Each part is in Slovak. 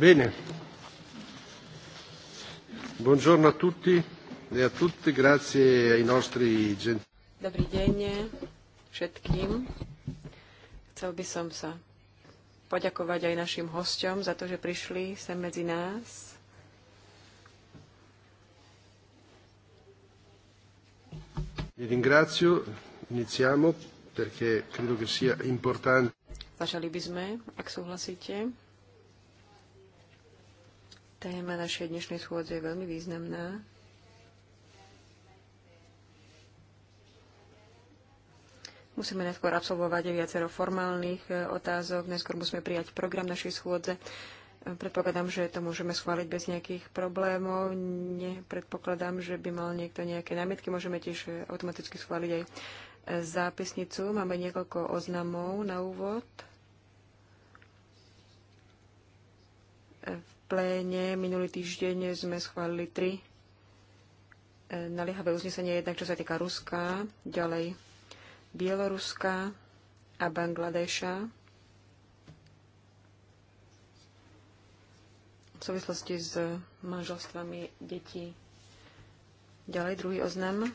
Bene. Buongiorno a tutti e a tutte, grazie ai nostri gentili. Dobrý deň všetkým. Chcel by som sa poďakovať aj našim hosťom za to, že prišli sem medzi nás. Vi ringrazio, iniziamo perché credo che sia importante. Začali by sme, ak súhlasíte. Téma našej dnešnej schôdze je veľmi významná. Musíme najskôr absolvovať viacero formálnych e, otázok, najskôr musíme prijať program našej schôdze. E, predpokladám, že to môžeme schváliť bez nejakých problémov. Nepredpokladám, že by mal niekto nejaké námietky. Môžeme tiež e, automaticky schváliť aj zápisnicu. Máme niekoľko oznamov na úvod pléne minulý týždeň sme schválili tri e, naliehavé uznesenie, jednak čo sa týka Ruska, ďalej Bieloruska a Bangladeša. V súvislosti s manželstvami detí. Ďalej druhý oznam.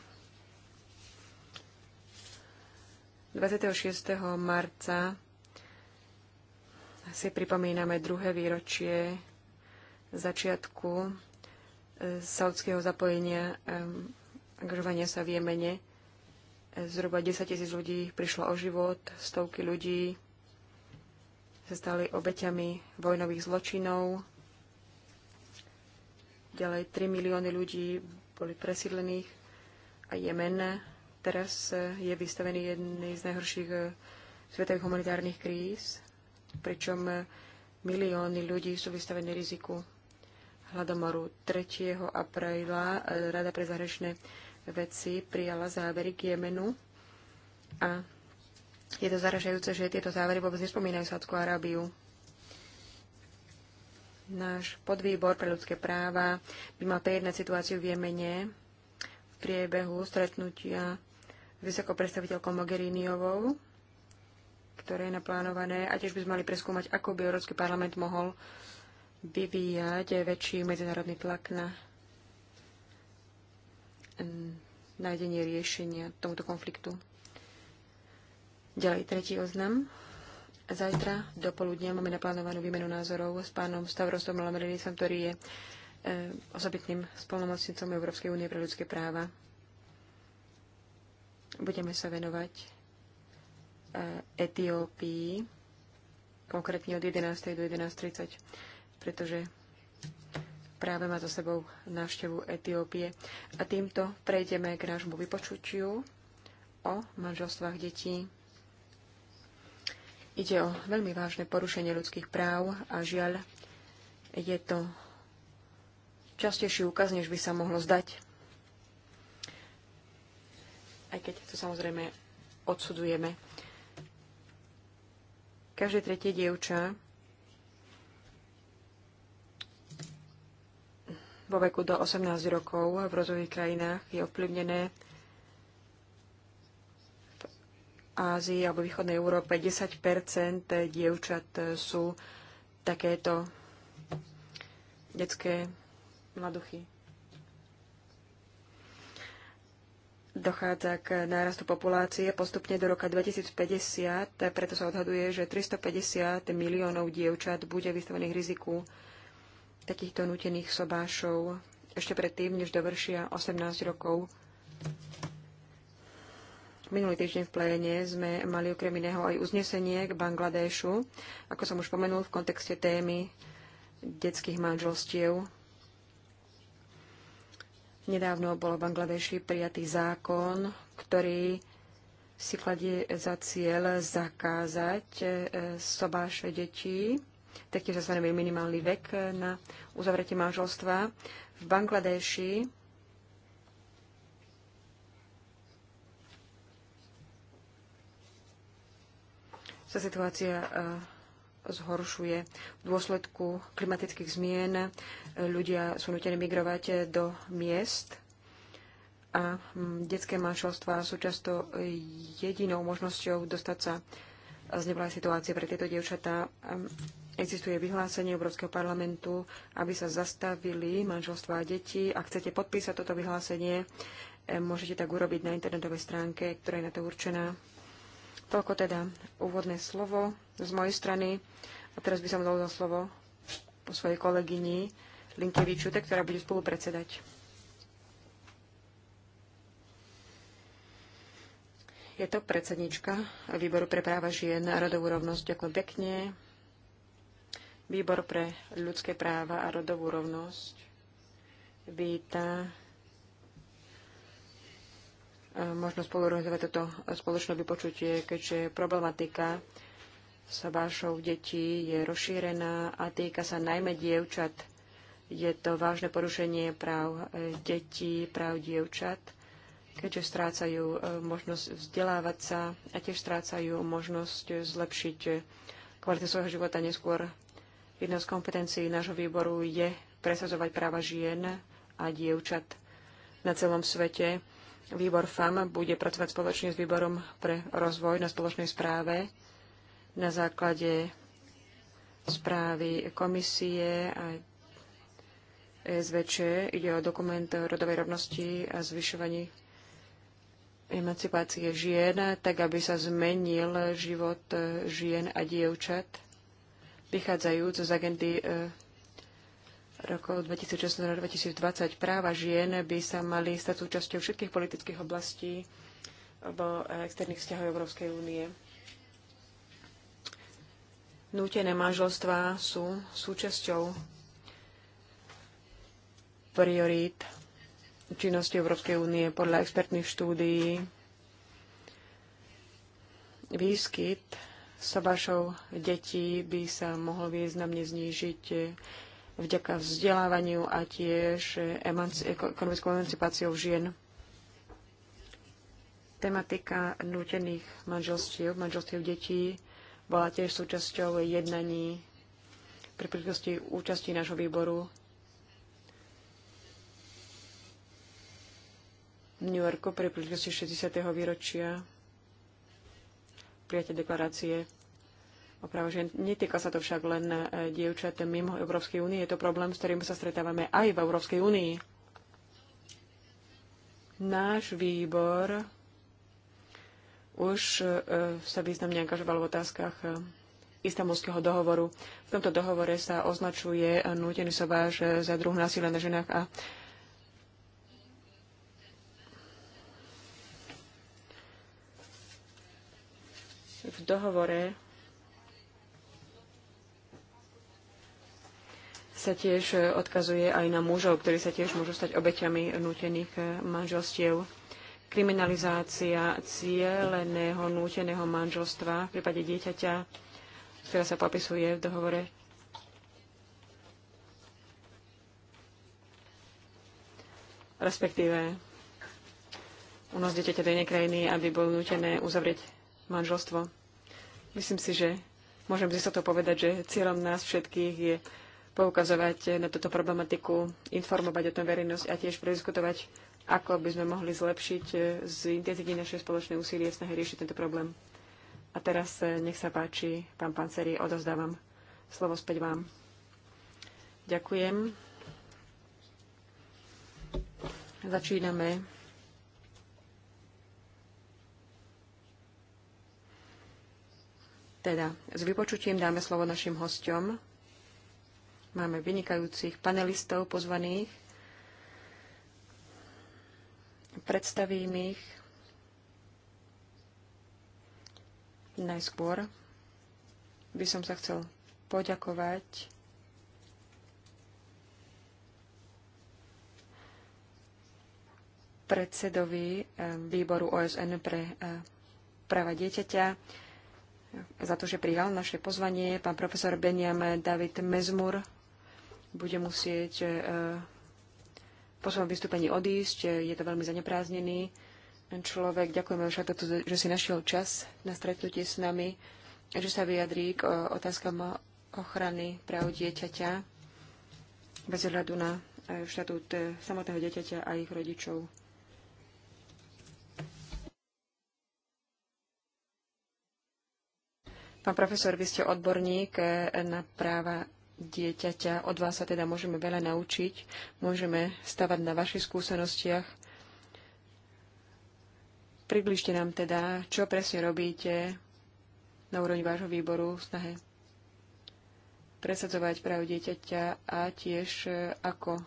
26. marca si pripomíname druhé výročie začiatku e, saudského zapojenia e, angažovania sa v Jemene. E, zhruba 10 tisíc ľudí prišlo o život, stovky ľudí sa stali obeťami vojnových zločinov. Ďalej 3 milióny ľudí boli presídlených a Jemen teraz je vystavený jednej z najhorších svetových humanitárnych kríz, pričom milióny ľudí sú vystavení riziku hladomoru 3. apríla e, Rada pre zahraničné veci prijala závery k Jemenu a je to zaražajúce, že tieto závery vôbec nespomínajú Sádskú Arábiu. Náš podvýbor pre ľudské práva by mal prejednať situáciu v Jemene v priebehu stretnutia vysokopredstaviteľkou Mogheriniovou, ktoré je naplánované, a tiež by sme mali preskúmať, ako by Európsky parlament mohol vyvíjať väčší medzinárodný tlak na nájdenie riešenia tomuto konfliktu. Ďalej tretí oznam. Zajtra do poludnia máme naplánovanú výmenu názorov s pánom Stavrosom Lamrinisom, ktorý je e, osobitným spolnomocnicom Európskej únie pre ľudské práva. Budeme sa venovať e, Etiópii, konkrétne od 11. do 11.30 pretože práve má za sebou návštevu Etiópie. A týmto prejdeme k nášmu vypočutiu o manželstvách detí. Ide o veľmi vážne porušenie ľudských práv a žiaľ, je to častejší úkaz, než by sa mohlo zdať. Aj keď to samozrejme odsudujeme. Každé tretie dievča vo veku do 18 rokov v rozvojových krajinách je ovplyvnené v Ázii alebo východnej Európe 10 dievčat sú takéto detské mladuchy. Dochádza k nárastu populácie postupne do roka 2050, preto sa odhaduje, že 350 miliónov dievčat bude vystavených riziku takýchto nutených sobášov ešte predtým, než dovršia 18 rokov. Minulý týždeň v pléne sme mali okrem iného aj uznesenie k Bangladešu, ako som už pomenul v kontexte témy detských manželstiev. Nedávno bol v Bangladeši prijatý zákon, ktorý si kladie za cieľ zakázať eh, sobáše detí Taktiež sa stanovil minimálny vek na uzavretie manželstva. V Bangladeši sa situácia eh, zhoršuje. V dôsledku klimatických zmien ľudia sú nutení migrovať eh, do miest a hm, detské manželstvá sú často eh, jedinou možnosťou dostať sa z neblahej situácie pre tieto dievčatá. Hm, Existuje vyhlásenie Európskeho parlamentu, aby sa zastavili manželstvo a deti. Ak chcete podpísať toto vyhlásenie, eh, môžete tak urobiť na internetovej stránke, ktorá je na to určená. Toľko teda úvodné slovo z mojej strany. A teraz by som dal za slovo po svojej kolegyni Linkevičute, ktorá bude predsedať. Je to predsednička Výboru pre práva žien a rodovú rovnosť. Ďakujem pekne. Výbor pre ľudské práva a rodovú rovnosť víta e, možno spolurozovať toto spoločné vypočutie, keďže problematika s vášou detí je rozšírená a týka sa najmä dievčat. Je to vážne porušenie práv e, detí, práv dievčat, keďže strácajú e, možnosť vzdelávať sa a tiež strácajú možnosť zlepšiť kvalitu svojho života neskôr Jednou z kompetencií nášho výboru je presadzovať práva žien a dievčat na celom svete. Výbor FAM bude pracovať spoločne s výborom pre rozvoj na spoločnej správe na základe správy komisie a SVČ. Ide o dokument rodovej rovnosti a zvyšovaní emancipácie žien, tak aby sa zmenil život žien a dievčat vychádzajúc z agendy e, rokov 2016-2020 práva žien by sa mali stať súčasťou všetkých politických oblastí alebo externých vzťahov Európskej únie. Nútené manželstvá sú súčasťou priorít činnosti Európskej únie podľa expertných štúdií. Výskyt sobášov detí by sa mohlo významne znížiť vďaka vzdelávaniu a tiež ekonomickou emancipáciou žien. Tematika nútených manželstiev, manželstiev detí bola tiež súčasťou jednaní pri príležitosti účasti nášho výboru v New Yorku pri príležitosti 60. výročia prijatie deklarácie o práve žien. Netýka sa to však len e, dievčat mimo Európskej únie. Je to problém, s ktorým sa stretávame aj v Európskej únii. Náš výbor už e, sa významne angažoval v otázkach e, istambulského dohovoru. V tomto dohovore sa označuje nútený sováž za druh násilia na ženách a dohovore sa tiež e, odkazuje aj na mužov, ktorí sa tiež môžu stať obeťami nútených e, manželstiev. Kriminalizácia cieleného núteného manželstva v prípade dieťaťa, ktorá sa popisuje v dohovore, respektíve unos dieťaťa do inej krajiny, aby bolo nútené uzavrieť manželstvo. Myslím si, že môžem si to povedať, že cieľom nás všetkých je poukazovať na túto problematiku, informovať o tom verejnosť a tiež prediskutovať, ako by sme mohli zlepšiť e, z intenzity naše spoločné úsilie snahy riešiť tento problém. A teraz e, nech sa páči, pán Panceri, odozdávam slovo späť vám. Ďakujem. Začíname Teda s vypočutím dáme slovo našim hostom. Máme vynikajúcich panelistov pozvaných. Predstavím ich najskôr by som sa chcel poďakovať predsedovi eh, výboru OSN pre eh, práva dieťaťa, za to, že prijal naše pozvanie. Pán profesor Beniam David Mezmur bude musieť e, po svojom vystúpení odísť. Je to veľmi zanepráznený človek. Ďakujeme však, že si našiel čas na stretnutie s nami, že sa vyjadrí k e, otázkam ochrany práv dieťaťa bez ohľadu na e, štatút samotného dieťaťa a ich rodičov. Pán profesor, vy ste odborník e, na práva dieťaťa. Od vás sa teda môžeme veľa naučiť. Môžeme stavať na vašich skúsenostiach. Približte nám teda, čo presne robíte na úrovni vášho výboru v snahe presadzovať práv dieťaťa a tiež e, ako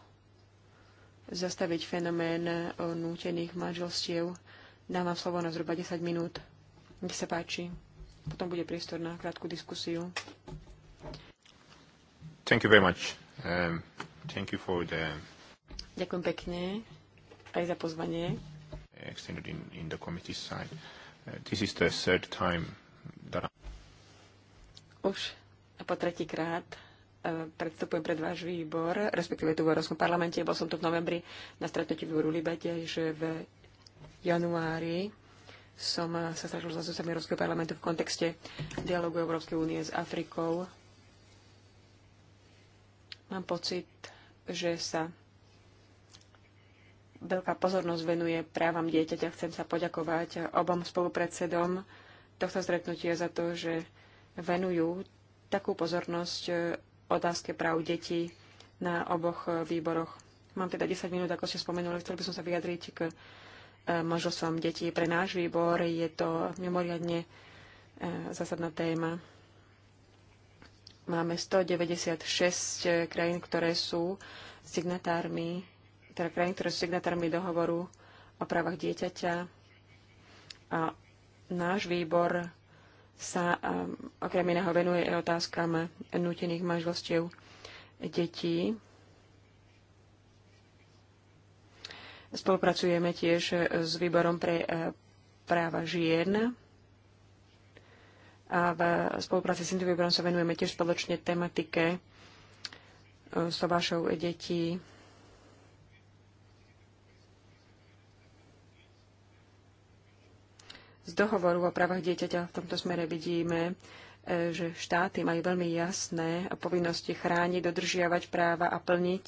zastaviť fenomén e, nútených manželstiev. Dám vám slovo na zhruba 10 minút. Nech sa páči. Potom bude priestor na krátku diskusiu. Thank you very much. Um, thank you for the... Ďakujem pekne aj za pozvanie. Extended in, in the committee side. Uh, this is the third time that I... Už po tretíkrát uh, predstupujem pred váš výbor, respektíve tu v Európskom parlamente. Bol som tu v novembri na stretnutí výboru Libete, že v januári som eh, sa stretol s zástupcami Európskeho parlamentu v kontexte dialogu Európskej únie s Afrikou. Mám pocit, že sa veľká pozornosť venuje právam dieťaťa. Chcem sa poďakovať obom spolupredsedom tohto stretnutia za to, že venujú takú pozornosť eh, otázke práv detí na oboch eh, výboroch. Mám teda 10 minút, ako ste spomenuli, chcel by som sa vyjadriť k som detí. Pre náš výbor je to mimoriadne e, zásadná téma. Máme 196 krajín, ktoré sú signatármi, teda krajín, ktoré sú signatármi dohovoru o právach dieťaťa. A náš výbor sa e, okrem iného venuje otázkam nutených manželstiev detí Spolupracujeme tiež s výborom pre e, práva žien a v spolupráci s týmto výborom sa venujeme tiež spoločne tematike e, vašou detí. Z dohovoru o právach dieťaťa v tomto smere vidíme, e, že štáty majú veľmi jasné povinnosti chrániť, dodržiavať práva a plniť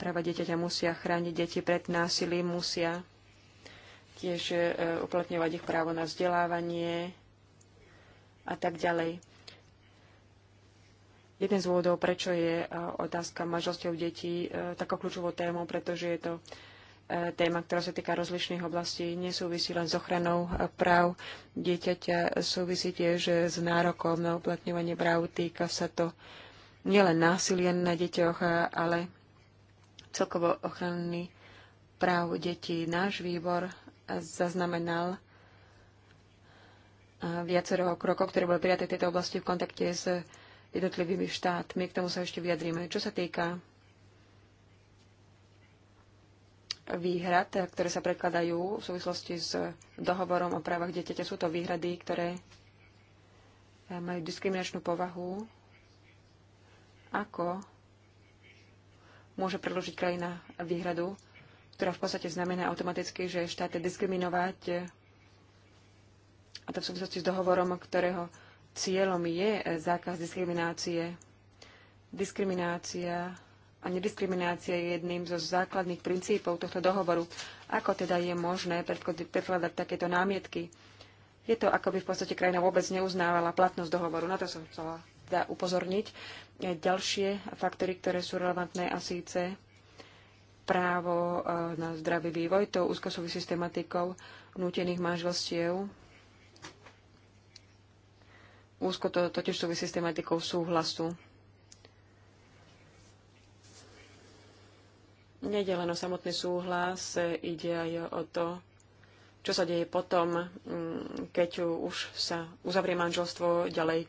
práva dieťaťa musia chrániť deti pred násilím, musia tiež e, uplatňovať ich právo na vzdelávanie a tak ďalej. Jeden z dôvodov, prečo je e, otázka manželstiev detí e, takou kľúčovou témou, pretože je to téma, ktorá sa týka rozlišných oblastí, nesúvisí len s ochranou práv dieťaťa, súvisí tiež s nárokom na uplatňovanie práv. Týka sa to nielen násilia na deťoch, ale celkovo ochrany práv detí. Náš výbor zaznamenal viacero krokov, ktoré boli prijaté v tejto oblasti v kontakte s jednotlivými štátmi. K tomu sa ešte vyjadríme. Čo sa týka výhrad, ktoré sa predkladajú v súvislosti s dohovorom o právach dieťaťa. Sú to výhrady, ktoré e, majú diskriminačnú povahu, ako môže predložiť krajina výhradu, ktorá v podstate znamená automaticky, že štát je diskriminovať a to v súvislosti s dohovorom, ktorého cieľom je zákaz diskriminácie. Diskriminácia a nediskriminácia je jedným zo základných princípov tohto dohovoru. Ako teda je možné predkladať takéto námietky? Je to, ako by v podstate krajina vôbec neuznávala platnosť dohovoru. Na to som chcela zdá teda upozorniť ďalšie faktory, ktoré sú relevantné a síce právo e, na zdravý vývoj, to úzko súvisí s tematikou nútených manželstiev. Úzko to totiž súvisí s tematikou súhlasu. Nejde len o samotný súhlas, ide aj o to, čo sa deje potom, mm, keď už sa uzavrie manželstvo ďalej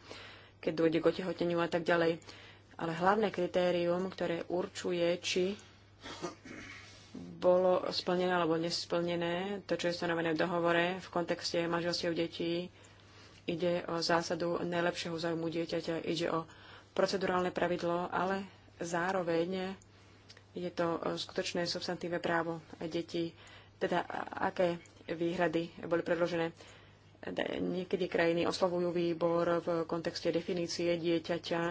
keď dôjde k otehoteniu a tak ďalej. Ale hlavné kritérium, ktoré určuje, či bolo splnené alebo nesplnené, to, čo je stanovené v dohovore v kontexte manželstiev detí, ide o zásadu najlepšieho zájmu dieťaťa, ide o procedurálne pravidlo, ale zároveň je to skutočné substantívne právo detí, teda aké výhrady boli predložené. Niekedy krajiny oslovujú výbor v kontexte definície dieťaťa,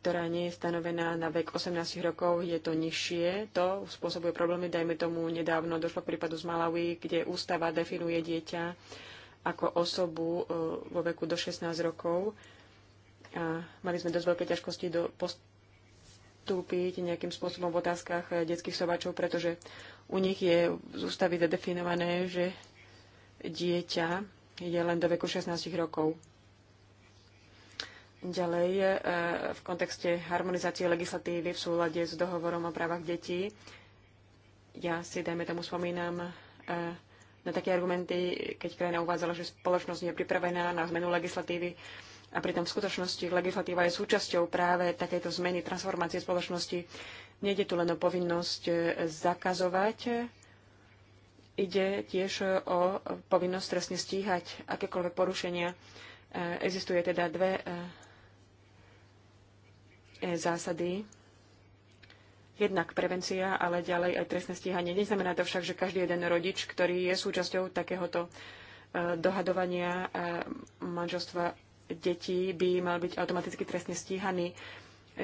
ktorá nie je stanovená na vek 18 rokov, je to nižšie. To spôsobuje problémy. Dajme tomu, nedávno došlo k prípadu z Malawi, kde ústava definuje dieťa ako osobu e, vo veku do 16 rokov. A mali sme dosť veľké ťažkosti do postúpiť nejakým spôsobom v otázkach detských sovačov, pretože u nich je z ústavy zadefinované, že dieťa je len do veku 16 rokov. Ďalej, e, v kontexte harmonizácie legislatívy v súlade s dohovorom o právach detí, ja si, dajme tomu, spomínam e, na také argumenty, keď krajina uvádzala, že spoločnosť je pripravená na zmenu legislatívy a pritom v skutočnosti legislatíva je súčasťou práve takejto zmeny, transformácie spoločnosti. Nejde tu len o povinnosť e, zakazovať Ide tiež o povinnosť trestne stíhať akékoľvek porušenia. E, existuje teda dve e, e, zásady. Jednak prevencia, ale ďalej aj trestné stíhanie. Neznamená to však, že každý jeden rodič, ktorý je súčasťou takéhoto dohadovania manželstva detí, by mal byť automaticky trestne stíhaný.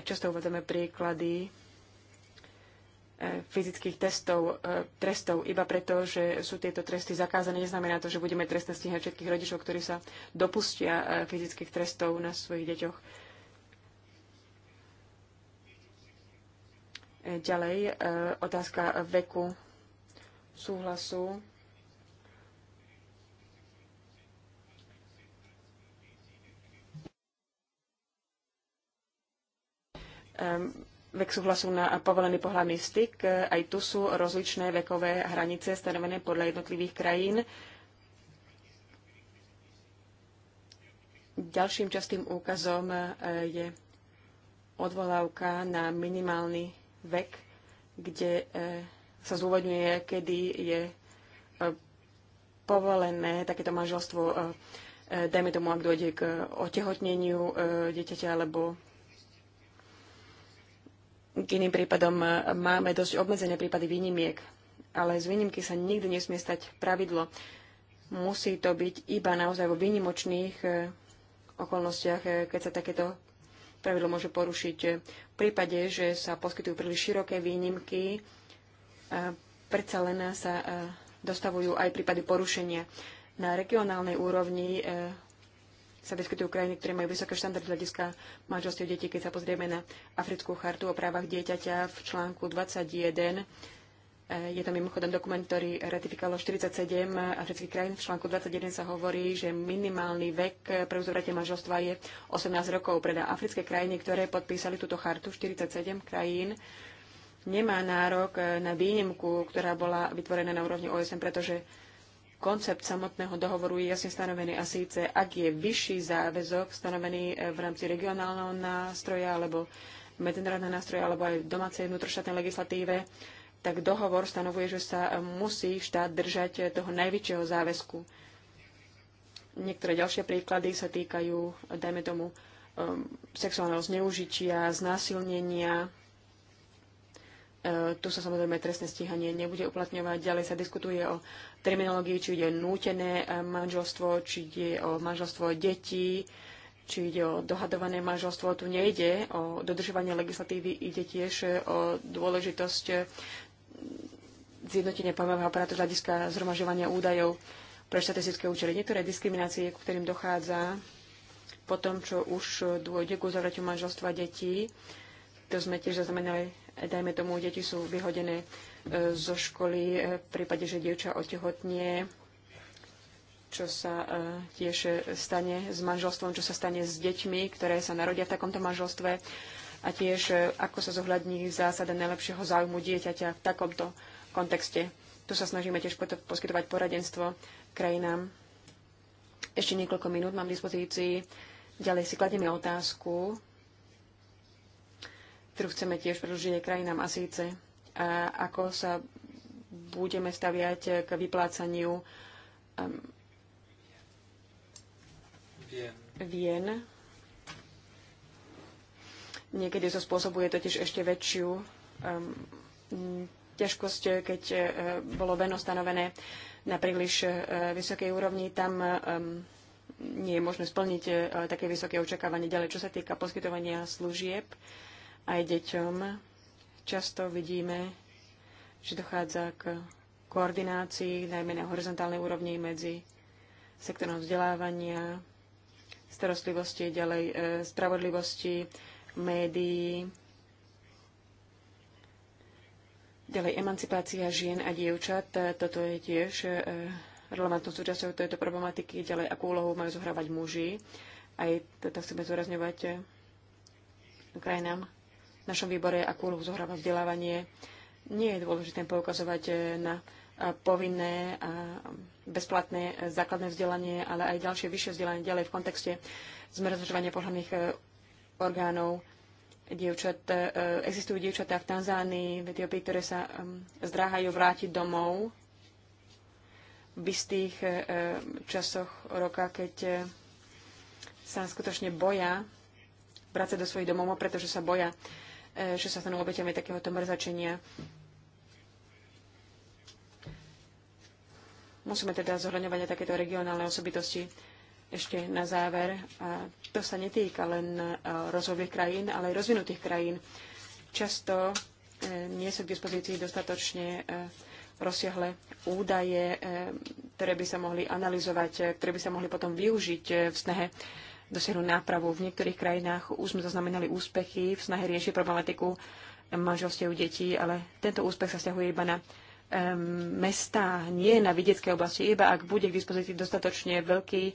Často uvádzame príklady fyzických testov, e, trestov iba preto, že sú tieto tresty zakázané. Neznamená to, že budeme trestne stíhať všetkých rodičov, ktorí sa dopustia e, fyzických trestov na svojich deťoch. E, ďalej, otázka veku súhlasu. Um, vek súhlasu na povolený pohľadný styk. Aj tu sú rozličné vekové hranice stanovené podľa jednotlivých krajín. Ďalším častým úkazom e, je odvolávka na minimálny vek, kde e, sa zúvodňuje, kedy je e, povolené takéto manželstvo, dajme tomu, ak dojde k otehotneniu dieťaťa alebo k iným prípadom e, máme dosť obmedzené prípady výnimiek, ale z výnimky sa nikdy nesmie stať pravidlo. Musí to byť iba naozaj vo výnimočných e, okolnostiach, e, keď sa takéto pravidlo môže porušiť. V prípade, že sa poskytujú príliš široké výnimky, predsa len sa dostavujú aj prípady porušenia. Na regionálnej úrovni sa vyskytujú krajiny, ktoré majú vysoké štandardy hľadiska manželstiev detí. Keď sa pozrieme na Africkú chartu o právach dieťaťa v článku 21, e, je to mimochodom dokument, ktorý ratifikalo 47 afrických krajín. V článku 21 sa hovorí, že minimálny vek pre uzavretie manželstva je 18 rokov. Preda africké krajiny, ktoré podpísali túto chartu, 47 krajín, nemá nárok na výnimku, ktorá bola vytvorená na úrovni OSN, pretože koncept samotného dohovoru je jasne stanovený a síce, ak je vyšší záväzok stanovený e, v rámci regionálneho nástroja alebo medzinárodného nástroja alebo aj v domácej vnútroštátnej legislatíve, tak dohovor stanovuje, že sa e, musí štát držať e, toho najväčšieho záväzku. Niektoré ďalšie príklady sa týkajú, dajme tomu, sexuálneho zneužitia, znásilnenia, E, tu sa samozrejme trestné stíhanie nebude uplatňovať. Ďalej sa diskutuje o terminológii, či ide nútené e, manželstvo, či ide o manželstvo detí, či ide o dohadované manželstvo. Tu nejde o dodržovanie legislatívy, ide tiež e, o dôležitosť zjednotenia pojmového aparátu z hľadiska zhromažovania údajov pre štatistické účely. Niektoré diskriminácie, ku ktorým dochádza po tom, čo už dôjde k uzavretiu manželstva detí, to sme tiež zaznamenali Dajme tomu, deti sú vyhodené e, zo školy e, v prípade, že dievča otehotnie, čo sa e, tiež stane s manželstvom, čo sa stane s deťmi, ktoré sa narodia v takomto manželstve a tiež ako sa zohľadní zásada najlepšieho záujmu dieťaťa v takomto kontexte. Tu sa snažíme tiež poskytovať poradenstvo krajinám. Ešte niekoľko minút mám v dispozícii. Ďalej si kladieme otázku, ktorú chceme tiež predlžiť krajinám a a ako sa budeme staviať k vyplácaniu um, vien. Niekedy to spôsobuje totiž ešte väčšiu um, ťažkosť, keď uh, bolo veno stanovené na príliš uh, vysokej úrovni. Tam um, nie je možné splniť uh, také vysoké očakávanie ďalej, čo sa týka poskytovania služieb. Uh, aj deťom. Často vidíme, že dochádza k koordinácii, najmä na horizontálnej úrovni medzi sektorom vzdelávania, starostlivosti, ďalej e, spravodlivosti, médií, ďalej emancipácia žien a dievčat. E, toto je tiež e, relevantnou súčasťou tejto problematiky. Ďalej, akú úlohu majú zohrávať muži. Aj toto chceme zúrazňovať e, krajinám našom výbore, akú úlohu zohráva vzdelávanie. Nie je dôležité poukazovať e, na e, povinné a bezplatné e, základné vzdelanie, ale aj ďalšie vyššie vzdelanie ďalej v kontexte zmrzožovania pohľadných orgánov dievčat. Existujú dievčatá v Tanzánii, v Etiópii, ktoré sa zdráhajú vrátiť domov v istých časoch roka, keď sa skutočne boja vrácať do svojich domov, pretože sa boja E, že sa stanú obeťami takéhoto mrzačenia. Musíme teda zohľadňovať aj takéto regionálne osobitosti. Ešte na záver, a to sa netýka len e, rozvojových krajín, ale aj rozvinutých krajín. Často e, nie sú k dispozícii dostatočne rozsiahle údaje, ktoré by sa mohli analyzovať, ktoré by sa mohli potom využiť v snahe dosiahnuť nápravu. V niektorých krajinách už sme zaznamenali úspechy v snahe riešiť problematiku eh, manželstiev detí, ale tento úspech sa stiahuje iba na um, mesta, nie na vidieckej oblasti, iba ak bude k dispozícii dostatočne veľký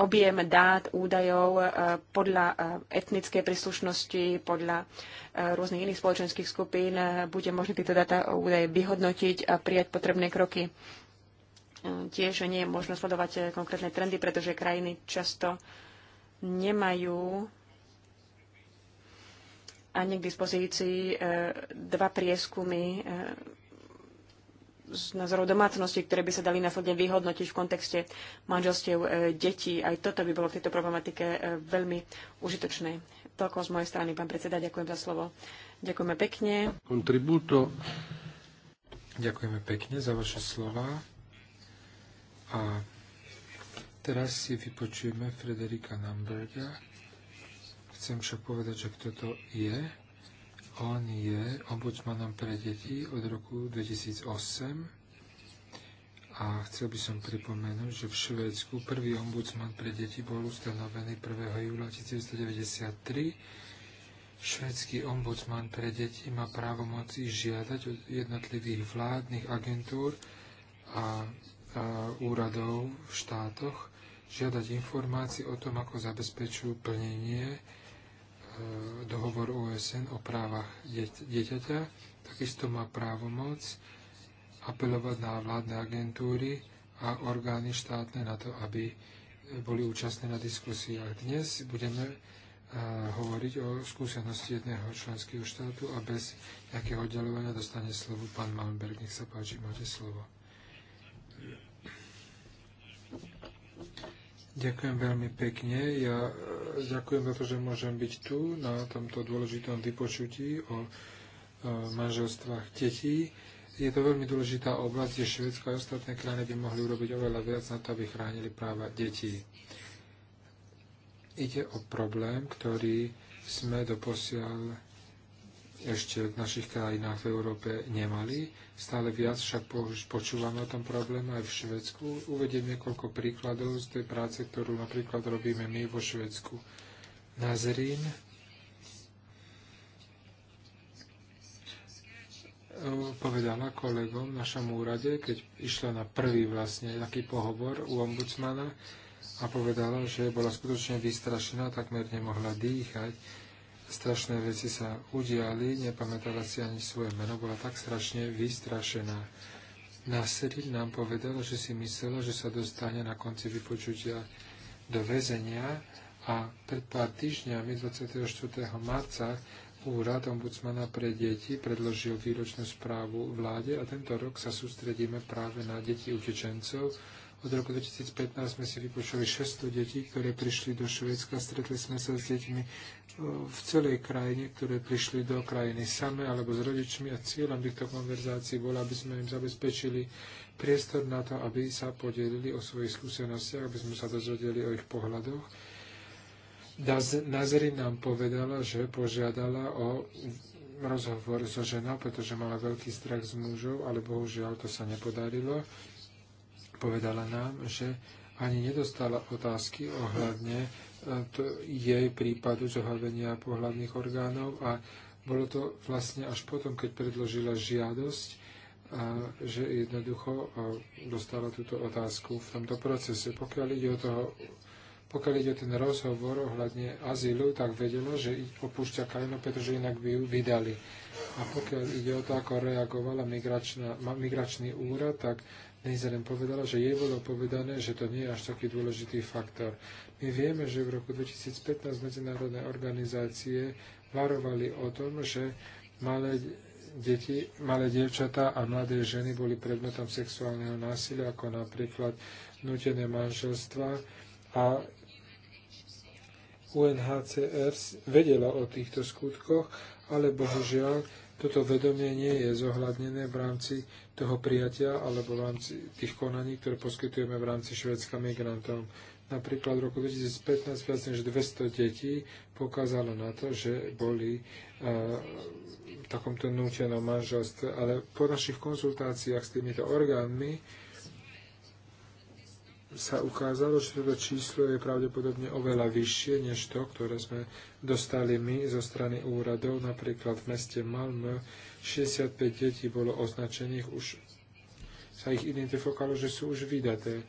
objem dát, údajov eh, podľa eh, etnickej príslušnosti, podľa rôznych iných spoločenských skupín, bude možné tieto dáta údaje vyhodnotiť a prijať potrebné kroky. Tiež nie je možno sledovať konkrétne trendy, pretože krajiny často nemajú ani k dispozícii e, dva prieskumy e, z názoru domácnosti, ktoré by sa dali následne vyhodnotiť v kontexte manželstiev e, detí. Aj toto by bolo v tejto problematike veľmi užitočné. Toľko z mojej strany, pán predseda, ďakujem za slovo. Ďakujeme pekne. Kontributo. Ďakujeme pekne za vaše slova. A Teraz si vypočujeme Frederika Namberga. Chcem však povedať, že kto to je. On je ombudsmanom pre deti od roku 2008 a chcel by som pripomenúť, že v Švédsku prvý ombudsman pre deti bol ustanovený 1. júla 1993. Švédsky ombudsman pre deti má právo moci žiadať od jednotlivých vládnych agentúr a úradov v štátoch, žiadať informácie o tom, ako zabezpečujú plnenie e, dohovor OSN o právach dieťaťa. Takisto má právomoc apelovať na vládne agentúry a orgány štátne na to, aby boli účastné na diskusiách. Dnes budeme e, hovoriť o skúsenosti jedného členského štátu a bez nejakého oddelovania dostane slovo pán Malmberg. Nech sa páči, máte slovo. Ďakujem veľmi pekne. Ja e, ďakujem za to, že môžem byť tu na tomto dôležitom vypočutí o e, manželstvách detí. Je to veľmi dôležitá oblasť, kde Švedsko a ostatné krajiny by mohli urobiť oveľa viac na to, aby chránili práva detí. Ide o problém, ktorý sme doposiaľ ešte v našich krajinách v Európe nemali. Stále viac však počúvame o tom probléme aj v Švedsku. Uvediem niekoľko príkladov z tej práce, ktorú napríklad robíme my vo Švedsku. Nazrín. povedala kolegom v našom úrade, keď išla na prvý vlastne taký pohovor u ombudsmana a povedala, že bola skutočne vystrašená, takmer nemohla dýchať strašné veci sa udiali, nepamätala si ani svoje meno, bola tak strašne vystrašená. Nasrid nám povedal, že si myslela, že sa dostane na konci vypočutia do väzenia a pred pár týždňami 24. marca Úrad ombudsmana pre deti predložil výročnú správu vláde a tento rok sa sústredíme práve na deti utečencov, od roku 2015 sme si vypočuli 600 detí, ktoré prišli do Švedska. Stretli sme sa s deťmi v celej krajine, ktoré prišli do krajiny same alebo s rodičmi a cieľom týchto konverzácií bolo, aby sme im zabezpečili priestor na to, aby sa podelili o svojich skúsenostiach, aby sme sa dozvedeli o ich pohľadoch. Nazri nám povedala, že požiadala o rozhovor so ženou, pretože mala veľký strach s mužou, ale bohužiaľ to sa nepodarilo povedala nám, že ani nedostala otázky ohľadne e, jej prípadu zohľadenia pohľadných orgánov a bolo to vlastne až potom, keď predložila žiadosť, a e, že jednoducho e, dostala túto otázku v tomto procese. Pokiaľ ide o, toho, pokiaľ ide o ten rozhovor ohľadne azylu, tak vedela, že opúšťa krajinu, pretože inak by ju vydali. A pokiaľ ide o to, ako reagovala migračná, migračný úrad, tak Nizerem povedala, že jej bolo povedané, že to nie je až taký dôležitý faktor. My vieme, že v roku 2015 medzinárodné organizácie varovali o tom, že malé deti, malé dievčatá a mladé ženy boli predmetom sexuálneho násilia, ako napríklad nutené manželstva a UNHCR vedela o týchto skutkoch, ale bohužiaľ toto vedomie nie je zohľadnené v rámci toho prijatia alebo v rámci tých konaní, ktoré poskytujeme v rámci Švedska migrantom. Napríklad v roku 2015 viac než 200 detí pokázalo na to, že boli eh, v takomto nútenom manželstve. Ale po našich konzultáciách s týmito orgánmi sa ukázalo, že toto číslo je pravdepodobne oveľa vyššie než to, ktoré sme dostali my zo strany úradov. Napríklad v meste Malmö 65 detí bolo označených, už sa ich identifikovalo, že sú už vydaté.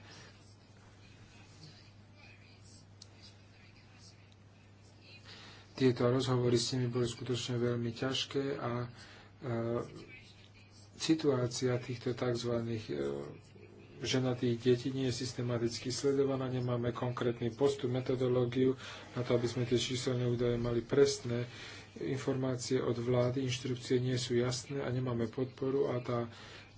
Tieto rozhovory s nimi boli skutočne veľmi ťažké a e, situácia týchto tzv. E, ženatých detí nie je systematicky sledovaná, nemáme konkrétny postup, metodológiu na to, aby sme tie číselné údaje mali presné. Informácie od vlády, inštrukcie nie sú jasné a nemáme podporu a tá,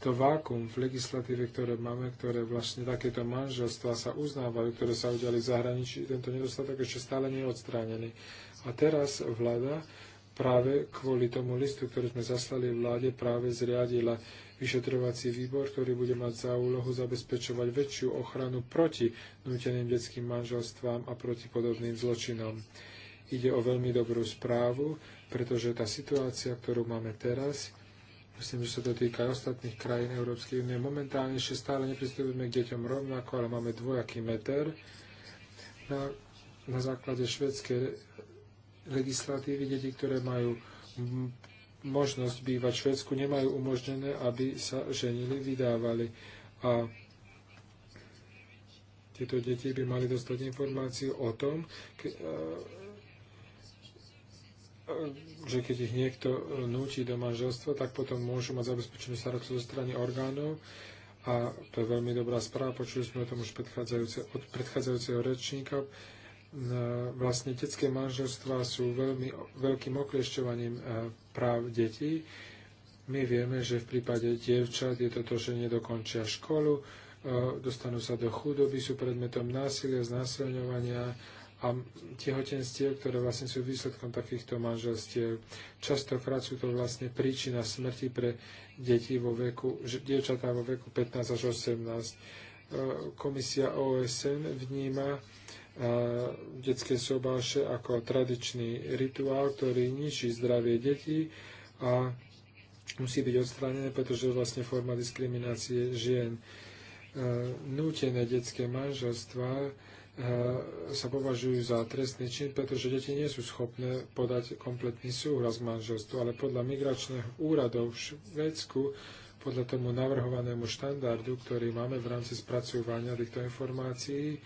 to vákum v legislatíve, ktoré máme, ktoré vlastne takéto manželstvá sa uznávajú, ktoré sa udiali v zahraničí, tento nedostatok ešte stále nie je odstránený. A teraz vláda práve kvôli tomu listu, ktorý sme zaslali vláde, práve zriadila vyšetrovací výbor, ktorý bude mať za úlohu zabezpečovať väčšiu ochranu proti nuteným detským manželstvám a proti podobným zločinom. Ide o veľmi dobrú správu, pretože tá situácia, ktorú máme teraz, Myslím, že sa to týka aj ostatných krajín Európskej únie. Momentálne ešte stále nepristupujeme k deťom rovnako, ale máme dvojaký meter. Na, na základe švedskej legislatívy deti, ktoré majú možnosť bývať v Švedsku, nemajú umožnené, aby sa ženili, vydávali. A tieto deti by mali dostať informáciu o tom, ke, že keď ich niekto núti do manželstva, tak potom môžu mať zabezpečenú starostu zo strany orgánov. A to je veľmi dobrá správa, počuli sme o tom už predchádzajúce, od predchádzajúceho rečníka. Vlastne detské manželstvá sú veľmi veľkým okliešťovaním práv detí. My vieme, že v prípade dievčat je to to, že nedokončia školu, e, dostanú sa do chudoby, sú predmetom násilia, znásilňovania a tehotenstiev, ktoré vlastne sú výsledkom takýchto manželstiev. Častokrát sú to vlastne príčina smrti pre deti vo veku, dievčatá vo veku 15 až 18. E, Komisia OSN vníma detské sobáše ako tradičný rituál, ktorý ničí zdravie detí a musí byť odstranené, pretože vlastne forma diskriminácie žien. E, nútené detské manželstva e, sa považujú za trestný čin, pretože deti nie sú schopné podať kompletný súhlas manželstvu, ale podľa migračných úradov v Švedsku, podľa tomu navrhovanému štandardu, ktorý máme v rámci spracovania týchto informácií,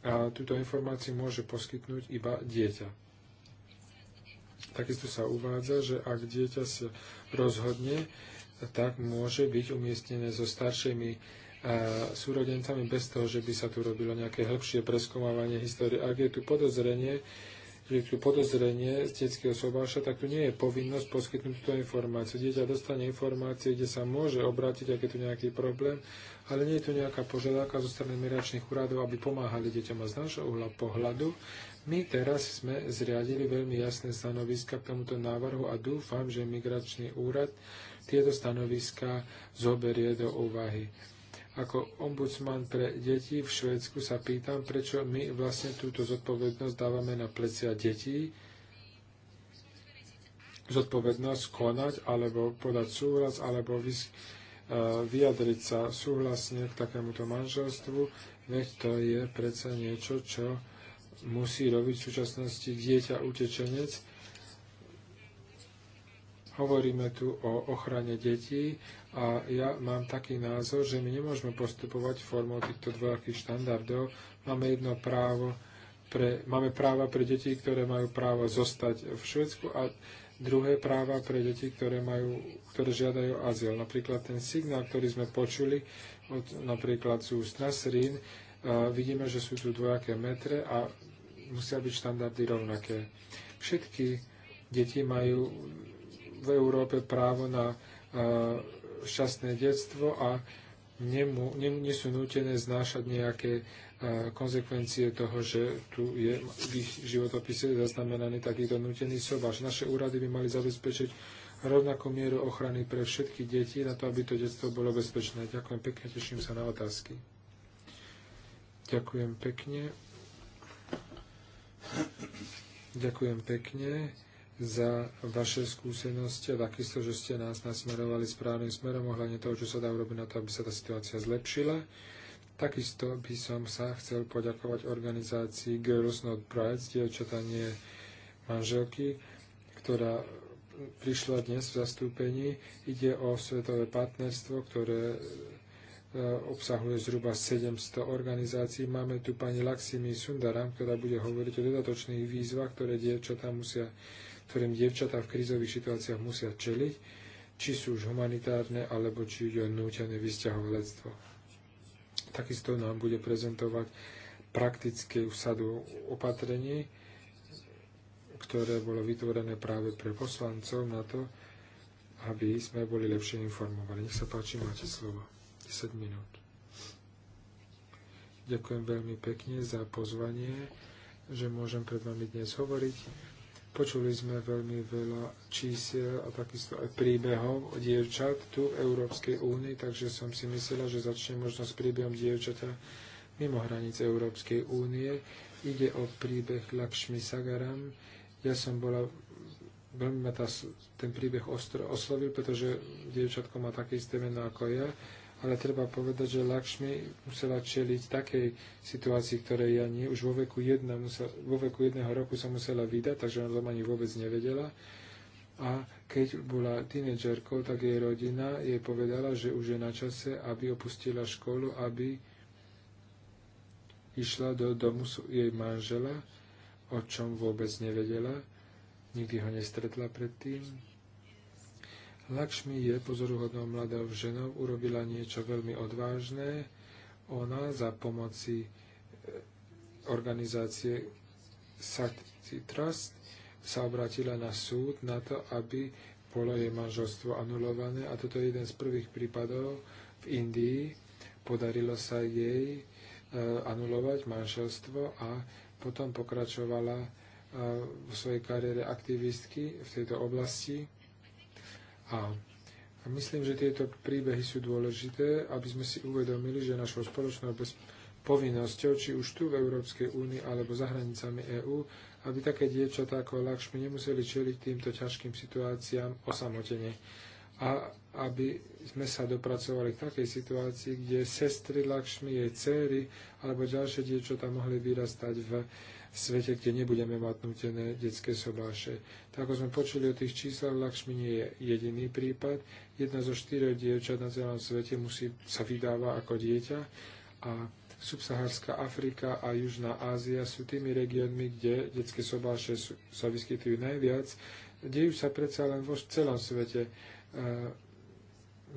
a túto informáciu môže poskytnúť iba dieťa. Takisto sa uvádza, že ak dieťa sa rozhodne, tak môže byť umiestnené so staršími e, súrodencami bez toho, že by sa tu robilo nejaké hĺbšie preskomávanie histórie. Ak je tu podozrenie, je tu podozrenie z detského sobáša, tak tu nie je povinnosť poskytnúť túto informáciu. Dieťa dostane informácie, kde sa môže obrátiť, ak je tu nejaký problém, ale nie je tu nejaká požiadavka zo strany miračných úradov, aby pomáhali deťom. A z nášho uhla pohľadu my teraz sme zriadili veľmi jasné stanoviska k tomuto návrhu a dúfam, že migračný úrad tieto stanoviska zoberie do úvahy. Ako ombudsman pre deti v Švédsku sa pýtam, prečo my vlastne túto zodpovednosť dávame na plecia detí, zodpovednosť konať alebo podať súhlas alebo vys- e, vyjadriť sa súhlasne k takémuto manželstvu, veď to je predsa niečo, čo musí robiť v súčasnosti dieťa utečenec. Hovoríme tu o ochrane detí a ja mám taký názor, že my nemôžeme postupovať formou týchto dvojakých štandardov. Máme jedno právo pre, máme práva pre deti, ktoré majú právo zostať v Švedsku a druhé práva pre deti, ktoré, majú, ktoré žiadajú azyl. Napríklad ten signál, ktorý sme počuli od napríklad z úst Nasrín, vidíme, že sú tu dvojaké metre a musia byť štandardy rovnaké. Všetky deti majú v Európe právo na šťastné detstvo a nemu, nie sú nutené znášať nejaké e, konsekvencie toho, že tu je v ich životopise zaznamenaný takýto nutený sobáš. Naše úrady by mali zabezpečiť rovnakú mieru ochrany pre všetky deti, na to, aby to detstvo bolo bezpečné. Ďakujem pekne, teším sa na otázky. Ďakujem pekne. Ďakujem pekne za vaše skúsenosti a takisto, že ste nás nasmerovali správnym smerom ohľadne toho, čo sa dá urobiť na to, aby sa tá situácia zlepšila. Takisto by som sa chcel poďakovať organizácii Girls Not Brides, dievčatá nie manželky, ktorá prišla dnes v zastúpení. Ide o svetové partnerstvo, ktoré e, obsahuje zhruba 700 organizácií. Máme tu pani Laximi Sundaram, ktorá bude hovoriť o dodatočných výzvach, ktoré dievčatá musia ktorým dievčatá v krízových situáciách musia čeliť, či sú už humanitárne, alebo či ide o nútené vysťahovalectvo. Takisto nám bude prezentovať praktické sadu opatrení, ktoré bolo vytvorené práve pre poslancov na to, aby sme boli lepšie informovaní. Nech sa páči, máte slovo. 10 minút. Ďakujem veľmi pekne za pozvanie, že môžem pred vami dnes hovoriť. Počuli sme veľmi veľa čísiel a takisto aj príbehov o dievčat tu v Európskej únii, takže som si myslela, že začne možno s príbehom dievčata mimo hranic Európskej únie. Ide o príbeh Lakshmi Sagaram. Ja som bola veľmi ma tá, ten príbeh ostro oslovil, pretože dievčatko má také isté meno ako ja ale treba povedať, že Lakšmi musela čeliť takej situácii, ktorej ja nie. Už vo veku, jedna musela, vo veku jedného roku sa musela vydať, takže ona doma ani vôbec nevedela. A keď bola tínedžerkou, tak jej rodina jej povedala, že už je na čase, aby opustila školu, aby išla do domu jej manžela, o čom vôbec nevedela, nikdy ho nestretla predtým Lakšmi je pozoruhodnou mladou ženou, urobila niečo veľmi odvážne. Ona za pomoci eh, organizácie Sakti Trust sa obratila na súd na to, aby bolo jej manželstvo anulované a toto je jeden z prvých prípadov v Indii. Podarilo sa jej eh, anulovať manželstvo a potom pokračovala eh, v svojej kariére aktivistky v tejto oblasti a myslím, že tieto príbehy sú dôležité, aby sme si uvedomili, že našou spoločnou bez povinnosťou, či už tu v Európskej únii alebo za hranicami EÚ, aby také dievčatá ako Lakšmi nemuseli čeliť týmto ťažkým situáciám osamotene. A aby sme sa dopracovali k takej situácii, kde sestry Lakšmi, jej céry alebo ďalšie dievčatá mohli vyrastať v v svete, kde nebudeme mať nutené detské sobáše. Tak ako sme počuli o tých číslach, Lakšmi nie je jediný prípad. Jedna zo štyroch dievčat na celom svete musí, sa vydáva ako dieťa a subsaharská Afrika a Južná Ázia sú tými regiónmi, kde detské sobáše sú, sa vyskytujú najviac. Dejú sa predsa len vo celom svete. E,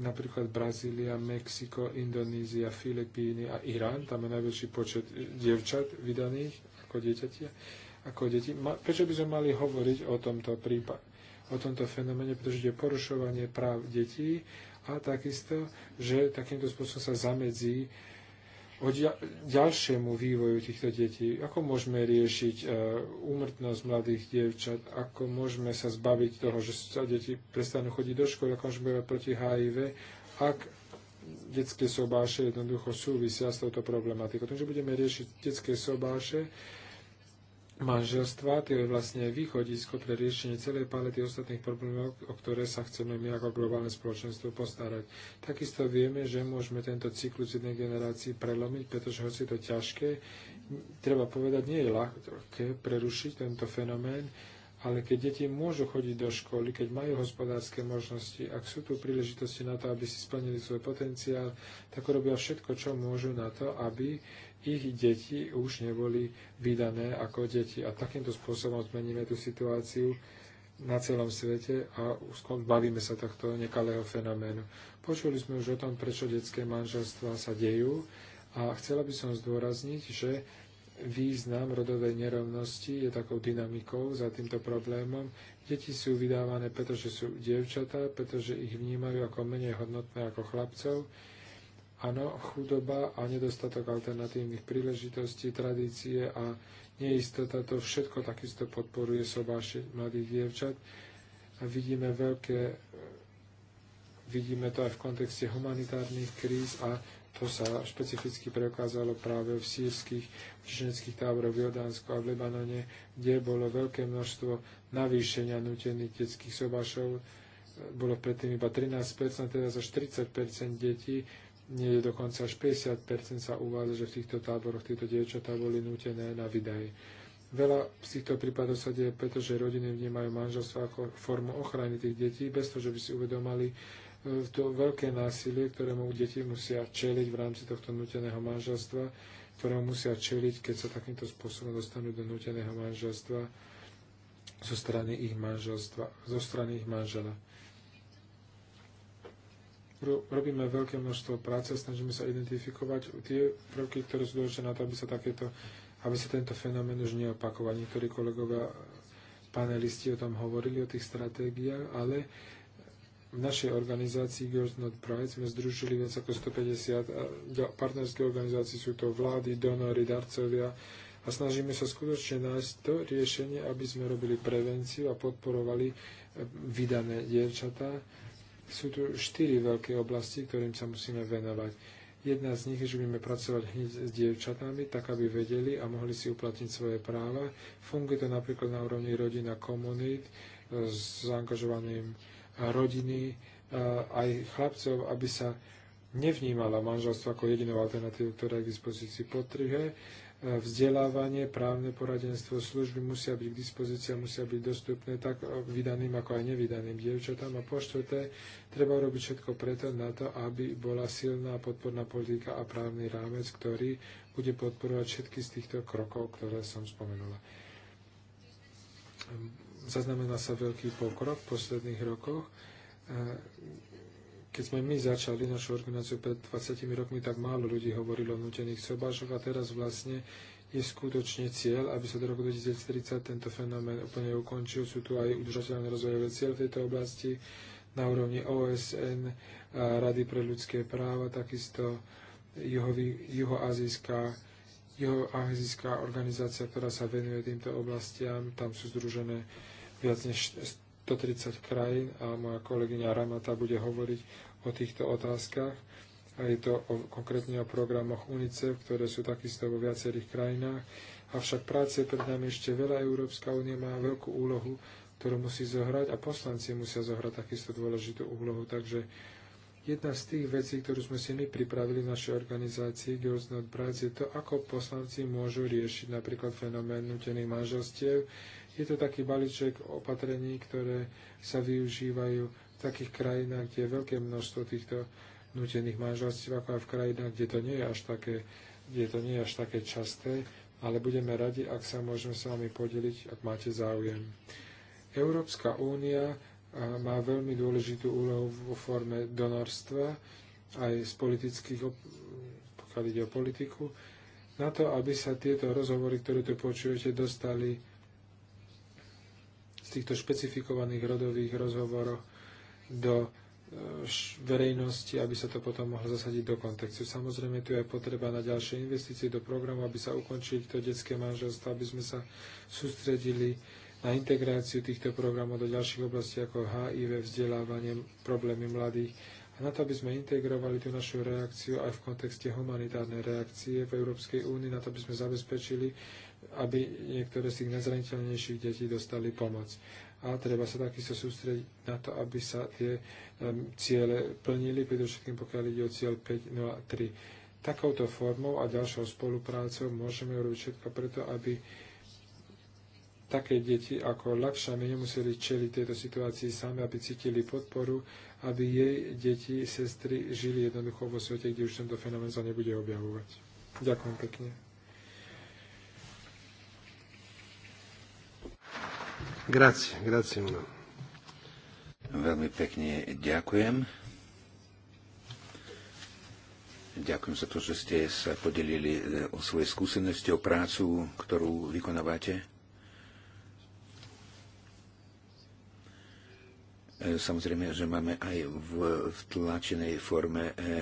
napríklad Brazília, Mexiko, Indonézia, Filipíny a Irán. Tam je najväčší počet dievčat vydaných ako, deti, ako deti. Prečo by sme mali hovoriť o tomto prípade, o tomto fenomene, pretože je porušovanie práv detí a takisto, že takýmto spôsobom sa zamedzí o ďalšiemu vývoju týchto detí. Ako môžeme riešiť e, úmrtnosť mladých dievčat? Ako môžeme sa zbaviť toho, že sa deti prestanú chodiť do školy? Ako môžeme bojovať proti HIV? Ak detské sobáše jednoducho súvisia s touto problematikou. Takže budeme riešiť detské sobáše manželstva, to je vlastne východisko pre riešenie celej palety ostatných problémov, o ktoré sa chceme my ako globálne spoločenstvo postarať. Takisto vieme, že môžeme tento cyklus jednej generácii prelomiť, pretože hoci to ťažké, treba povedať, nie je ľahké prerušiť tento fenomén, ale keď deti môžu chodiť do školy, keď majú hospodárske možnosti, ak sú tu príležitosti na to, aby si splnili svoj potenciál, tak robia všetko, čo môžu na to, aby ich deti už neboli vydané ako deti. A takýmto spôsobom zmeníme tú situáciu na celom svete a bavíme sa tohto nekalého fenoménu. Počuli sme už o tom, prečo detské manželstvá sa dejú a chcela by som zdôrazniť, že význam rodovej nerovnosti je takou dynamikou za týmto problémom. Deti sú vydávané, pretože sú dievčatá, pretože ich vnímajú ako menej hodnotné ako chlapcov Áno, chudoba a nedostatok alternatívnych príležitostí, tradície a neistota, to všetko takisto podporuje sobáši mladých dievčat. A vidíme veľké, vidíme to aj v kontexte humanitárnych kríz a to sa špecificky preukázalo práve v sírskych čišneckých táboroch v Jordánsku a v Lebanone, kde bolo veľké množstvo navýšenia nutených detských sobašov. Bolo predtým iba 13%, teraz až 40% detí nie je dokonca až 50% sa uvádza, že v týchto táboroch tieto dievčatá boli nútené na vydaj. Veľa z týchto prípadov sa deje, pretože rodiny vnímajú manželstvo ako formu ochrany tých detí, bez toho, že by si uvedomali e, to veľké násilie, ktorému deti musia čeliť v rámci tohto nuteného manželstva, ktorému musia čeliť, keď sa takýmto spôsobom dostanú do nuteného manželstva zo strany ich manželstva, zo strany ich manžela robíme veľké množstvo práce, snažíme sa identifikovať tie prvky, ktoré sú dôležité na to, aby sa takéto, aby sa tento fenomén už neopakoval. Niektorí kolegovia panelisti o tom hovorili, o tých stratégiách, ale v našej organizácii Girls Not Pride sme združili viac ako 150 partnerské organizácie, sú to vlády, donory, darcovia a snažíme sa skutočne nájsť to riešenie, aby sme robili prevenciu a podporovali eh, vydané dievčatá sú tu štyri veľké oblasti, ktorým sa musíme venovať. Jedna z nich je, že budeme pracovať hneď s dievčatami, tak aby vedeli a mohli si uplatniť svoje práva. Funguje to napríklad na úrovni rodina komunít e, s zaangažovaním rodiny e, aj chlapcov, aby sa nevnímala manželstvo ako jedinou alternatívu, ktorá je k dispozícii. Po vzdelávanie, právne poradenstvo, služby musia byť k dispozícii a musia byť dostupné tak vydaným ako aj nevydaným dievčatám. A po štvrté, treba robiť všetko preto na to, aby bola silná podporná politika a právny rámec, ktorý bude podporovať všetky z týchto krokov, ktoré som spomenula. Zaznamená sa veľký pokrok v posledných rokoch keď sme my začali našu organizáciu pred 20 rokmi, tak málo ľudí hovorilo o nutených sobášoch a teraz vlastne je skutočne cieľ, aby sa do roku 2030 tento fenomén úplne ukončil. Sú tu aj udržateľné rozvojové cieľ v tejto oblasti na úrovni OSN, a Rady pre ľudské práva, takisto juhoazijská juhoazijská organizácia, ktorá sa venuje týmto oblastiam. Tam sú združené viac než 130 krajín a moja kolegyňa Ramata bude hovoriť o týchto otázkach. A je to o, konkrétne o programoch UNICEF, ktoré sú takisto vo viacerých krajinách. Avšak práce pred nami ešte veľa. Európska únia má veľkú úlohu, ktorú musí zohrať a poslanci musia zohrať takisto dôležitú úlohu. Takže Jedna z tých vecí, ktorú sme si my pripravili v našej organizácii Girls Not Brides, je to, ako poslanci môžu riešiť napríklad fenomén nutených manželstiev. Je to taký balíček opatrení, ktoré sa využívajú v takých krajinách, kde je veľké množstvo týchto nutených manželstiev, ako aj v krajinách, kde to nie je až také, kde to nie je až také časté, ale budeme radi, ak sa môžeme s vami podeliť, ak máte záujem. Európska únia má veľmi dôležitú úlohu vo forme donorstva, aj z politických, pokiaľ ide o politiku, na to, aby sa tieto rozhovory, ktoré tu počujete, dostali týchto špecifikovaných rodových rozhovoroch do e, verejnosti, aby sa to potom mohlo zasadiť do kontextu. Samozrejme, tu je potreba na ďalšie investície do programu, aby sa ukončili to detské manželstvo, aby sme sa sústredili na integráciu týchto programov do ďalších oblastí ako HIV, vzdelávanie, problémy mladých a na to, aby sme integrovali tú našu reakciu aj v kontexte humanitárnej reakcie v Európskej únii, na to, aby sme zabezpečili, aby niektoré z tých najzraniteľnejších detí dostali pomoc. A treba sa takisto sústrediť na to, aby sa tie um, ciele plnili, predovšetkým pokiaľ ide o cieľ 503. Takouto formou a ďalšou spoluprácou môžeme robiť všetko preto, aby také deti ako Lakšami nemuseli čeliť tejto situácii sami, aby cítili podporu, aby jej deti, sestry žili jednoducho vo svete, kde už tento fenomén sa nebude objavovať. Ďakujem pekne. Grazie, grazie. Veľmi pekne ďakujem. Ďakujem za to, že ste sa podelili e, o svoje skúsenosti, o prácu, ktorú vykonávate. E, samozrejme, že máme aj v, tlačenej forme e,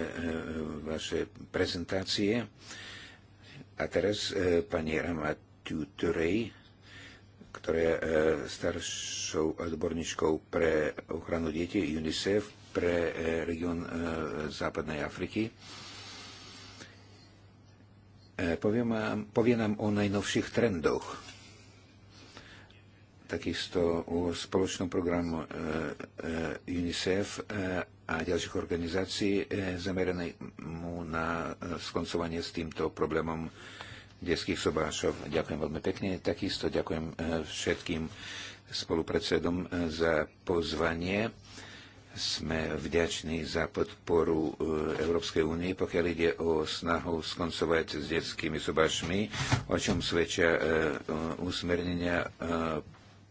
vaše prezentácie. A teraz pani Rama Tutorej ktorá je e, staršou odborníčkou pre ochranu detí UNICEF pre e, region e, Západnej Afriky. Poviem vám, povie nám o najnovších trendoch. Takisto o spoločnom programu UNICEF a ďalších organizácií zameranému na skoncovanie s týmto problémom detských sobášov. Ďakujem veľmi pekne. Takisto ďakujem e, všetkým spolupredsedom e, za pozvanie. Sme vďační za podporu e, Európskej únie, pokiaľ ide o snahu skoncovať s detskými sobášmi, o čom svedčia usmernenia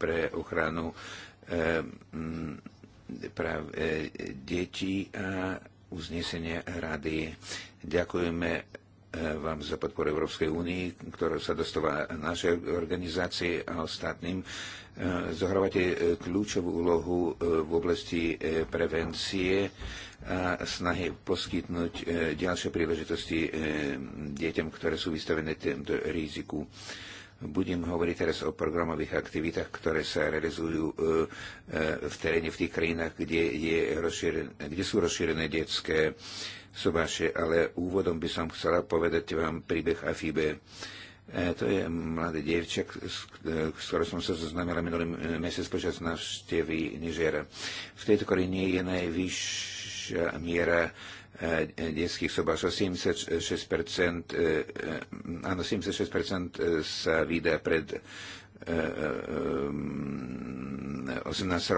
pre ochranu práv detí a uznesenie rady. Ďakujeme E, vám za podporu Európskej únie, ktorá sa dostáva našej organizácii a ostatným. E, zohrávate e, kľúčovú úlohu v oblasti prevencie a snahy poskytnúť ďalšie príležitosti deťom, ktoré sú vystavené týmto riziku. Budem hovoriť teraz o programových aktivitách, ktoré sa realizujú v teréne v tých krajinách, kde, je rozšíren, kde sú rozšírené detské sú ale úvodom by som chcela povedať vám príbeh Afibe. E, To je mladý dievča, s ktorou som sa zoznamila minulý mesiac počas návštevy Nižera. V tejto korine je najvyššia miera e, e, detských sobášov. 76%, e, áno, 76% sa vydá pred 18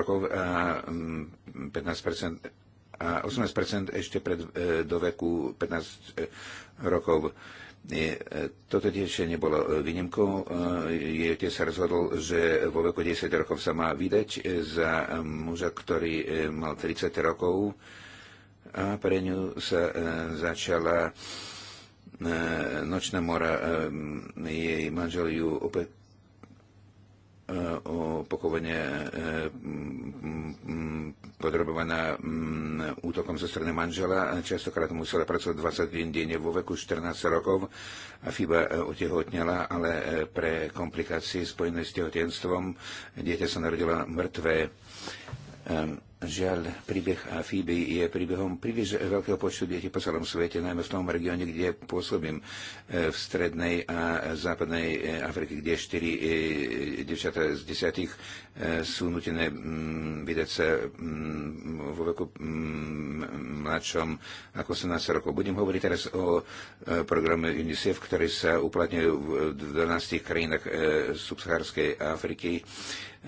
rokov a 15% a 18 ešte pred, e, do veku 15 e, rokov. E, toto tiež nebolo výnimkou. Je tiež sa rozhodol, že vo veku 10 rokov sa má vydať za muža, ktorý mal 30 rokov a pre ňu sa začala nočná mora. Jej manžel ju opäť Eh, opakovane eh, mm, mm, podrobovaná mm, útokom zo strany manžela. Častokrát musela pracovať 21 denne vo veku 14 rokov a FIBA eh, otehotnila, ale pre komplikácie spojené s tehotenstvom dieťa sa narodila mŕtvé. Ehm, Žiaľ, príbeh Fíby je príbehom príliš veľkého počtu detí po celom svete, najmä v tom regióne, kde pôsobím, e, v strednej a západnej e, Afrike, kde 4 e, devčatá z 10 sú nutené mm, vydať sa mm, vo veku mm, mladšom ako 18 rokov. Budem hovoriť teraz o programe UNICEF, ktorý sa uplatňuje v 12 krajinách subsahárskej Afriky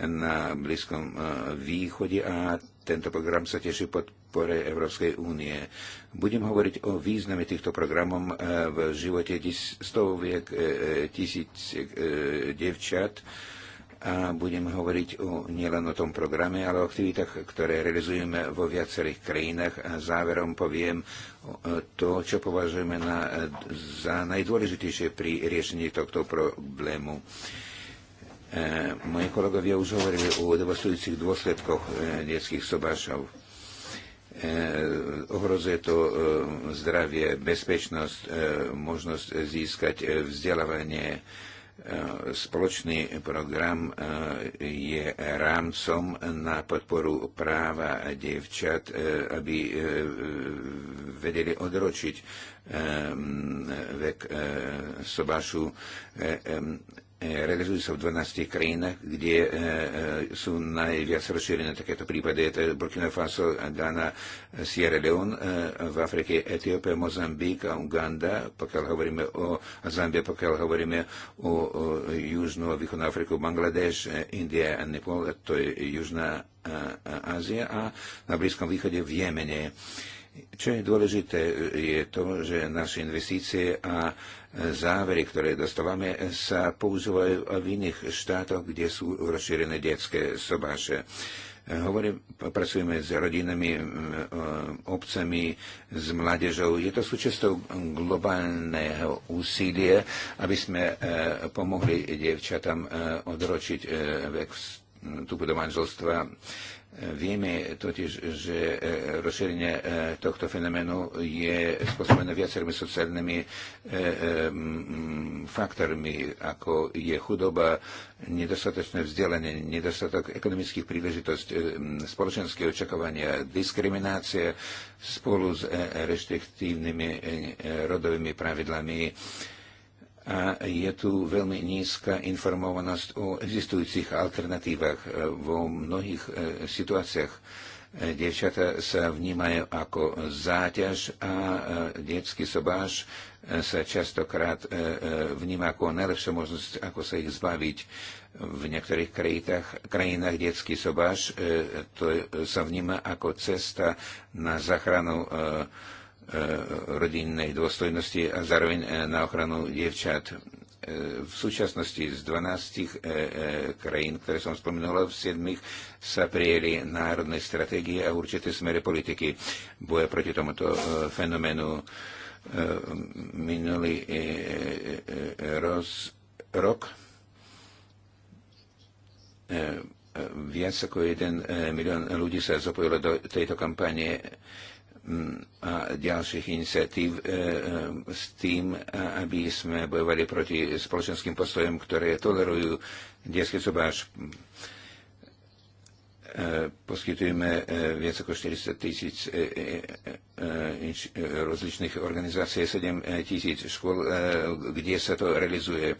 na Blízkom e, východe a tento program sa teší podpore Európskej únie. Budem hovoriť o význame týchto programov e, v živote stoviek e, tisíc devčat a budem hovoriť o, nielen o tom programe, ale o aktivitách, ktoré realizujeme vo viacerých krajinách a záverom poviem to, čo považujeme na, za najdôležitejšie pri riešení tohto problému. E, moji kolegovia už hovorili o devastujúcich dôsledkoch e, detských sobášov. E, ohrozuje to zdravie, bezpečnosť, možnosť získať vzdelávanie. Spoločný program je rámcom na podporu práva dievčat, aby vedeli odročiť vek sobášu Eh, realizujú sa v 12 krajinách, kde e, sú najviac rozšírené takéto prípady. Je To Burkina Faso, Ghana, Sierra Leone, e, v Afrike Etiópia, Mozambík a Uganda, pokiaľ hovoríme o Zambie, pokiaľ hovoríme o, o Južnú a Východnú Afriku, Bangladeš, India a Nepal, to je Južná Ázia a na Blízkom východe v Jemene. E, čo je dôležité, je to, že naše investície a závery, ktoré dostávame, sa používajú v iných štátoch, kde sú rozšírené detské sobáše. Hovorím, pracujeme s rodinami, obcami, s mládežou. Je to súčasťou globálneho úsilia, aby sme e, pomohli dievčatám e, odročiť e, vek vstupu do manželstva Vieme totiž, že e, rozšírenie e, tohto fenoménu je spôsobené viacerými sociálnymi e, faktormi, ako je chudoba, nedostatočné vzdelanie, nedostatok ekonomických príležitostí, spoločenské očakovania, diskriminácia spolu s reštriktívnymi rodovými pravidlami a je tu veľmi nízka informovanosť o existujúcich alternatívach e, vo mnohých e, situáciách. E, Dievčata sa vnímajú ako záťaž a detský sobáš sa častokrát vníma ako najlepšia možnosť, ako sa ich zbaviť. V niektorých krajinách, krajinách detský sobáš to sa vníma ako cesta na zachranu Eh, rodinnej dôstojnosti a zároveň eh, na ochranu dievčat. Eh, v súčasnosti z 12 krajín, ktoré som spomenula, v 7 sa prijeli národné stratégie a určité smery politiky boja proti tomuto fenoménu. Minulý roz, rok viac ako 1 milión ľudí sa zapojilo do tejto kampanie a ďalších iniciatív e, e, s tým, e, aby sme bojovali proti spoločenským postojom, ktoré tolerujú detské sobáš. E, poskytujeme e, viac ako 40 tisíc e, rozličných organizácií, 7 tisíc škôl, kde sa to realizuje.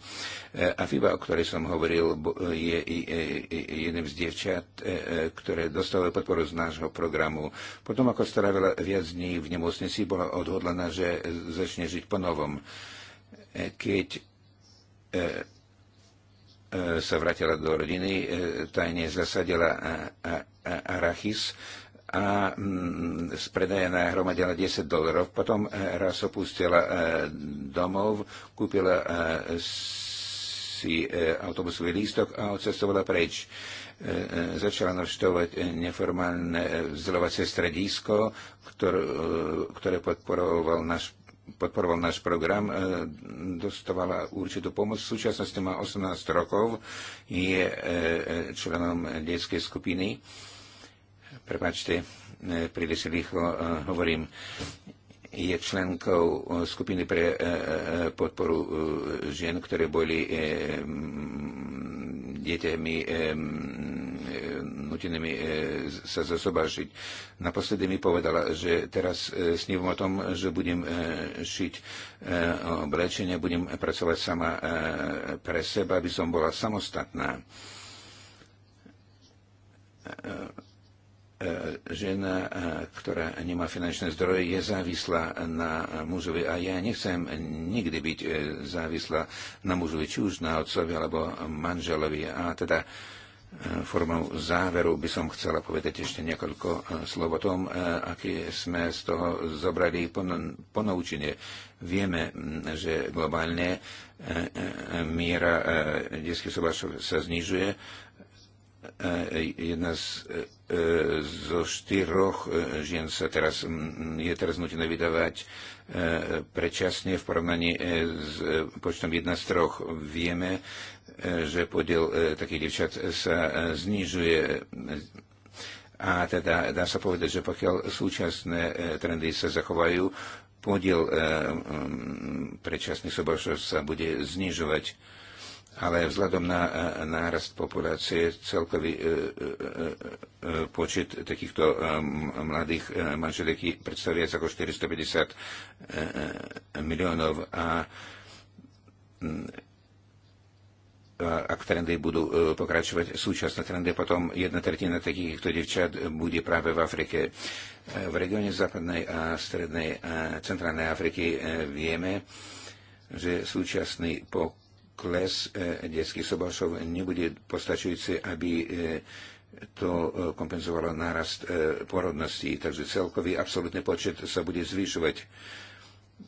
A FIBA, o ktorej som hovoril, je jedným z dievčat, ktoré dostalo podporu z nášho programu. Potom, ako strávila viac dní v nemocnici, bola odhodlaná, že začne žiť po novom. Keď sa vrátila do rodiny, e, tajne zasadila e, e, arachis a mm, z predaja nahromadila 10 dolarov. Potom raz opustila domov, kúpila si autobusový lístok a odcestovala preč. Začala navštovať neformálne vzdelovacie stredisko, ktoré podporoval náš podporoval náš program, e, dostávala určitú pomoc. V súčasnosti má 18 rokov, je e, e, členom detskej skupiny. Prepačte, príliš rýchlo hovorím je členkou skupiny pre podporu žien, ktoré boli dieťami nutenými e, sa zosobášiť. Naposledy mi povedala, že teraz e, snívam o tom, že budem e, šiť oblečenie, budem pracovať sama pre seba, aby som bola samostatná žena, ktorá nemá finančné zdroje, je závislá na mužovi. A ja nechcem nikdy byť závislá na mužovi, či už na otcovi alebo manželovi. A teda E, formou záveru by som chcela povedať ešte niekoľko e, slov o tom, e, aké sme z toho zobrali ponaučenie. Vieme, že globálne miera detských sobášov sa znižuje. Jedna z, zo štyroch žien sa teraz, je teraz nutné vydávať predčasne v porovnaní s počtom jedna z troch. Vieme, že podiel e, takých dievčat sa e, znižuje. A teda dá sa povedať, že pokiaľ súčasné e, trendy sa zachovajú, podiel predčasných sobašov sa bude znižovať. Ale vzhľadom na nárast populácie celkový počet takýchto mladých manželiek predstavuje viac ako 450 miliónov a ak trendy budú e, pokračovať súčasné trendy, potom jedna tretina takýchto devčat bude práve v Afrike. E, v regióne západnej a strednej a centrálnej Afriky e, vieme, že súčasný pokles detských sobášov nebude postačujúci, aby to kompenzovalo nárast porodnosti, takže celkový absolútny počet sa bude zvyšovať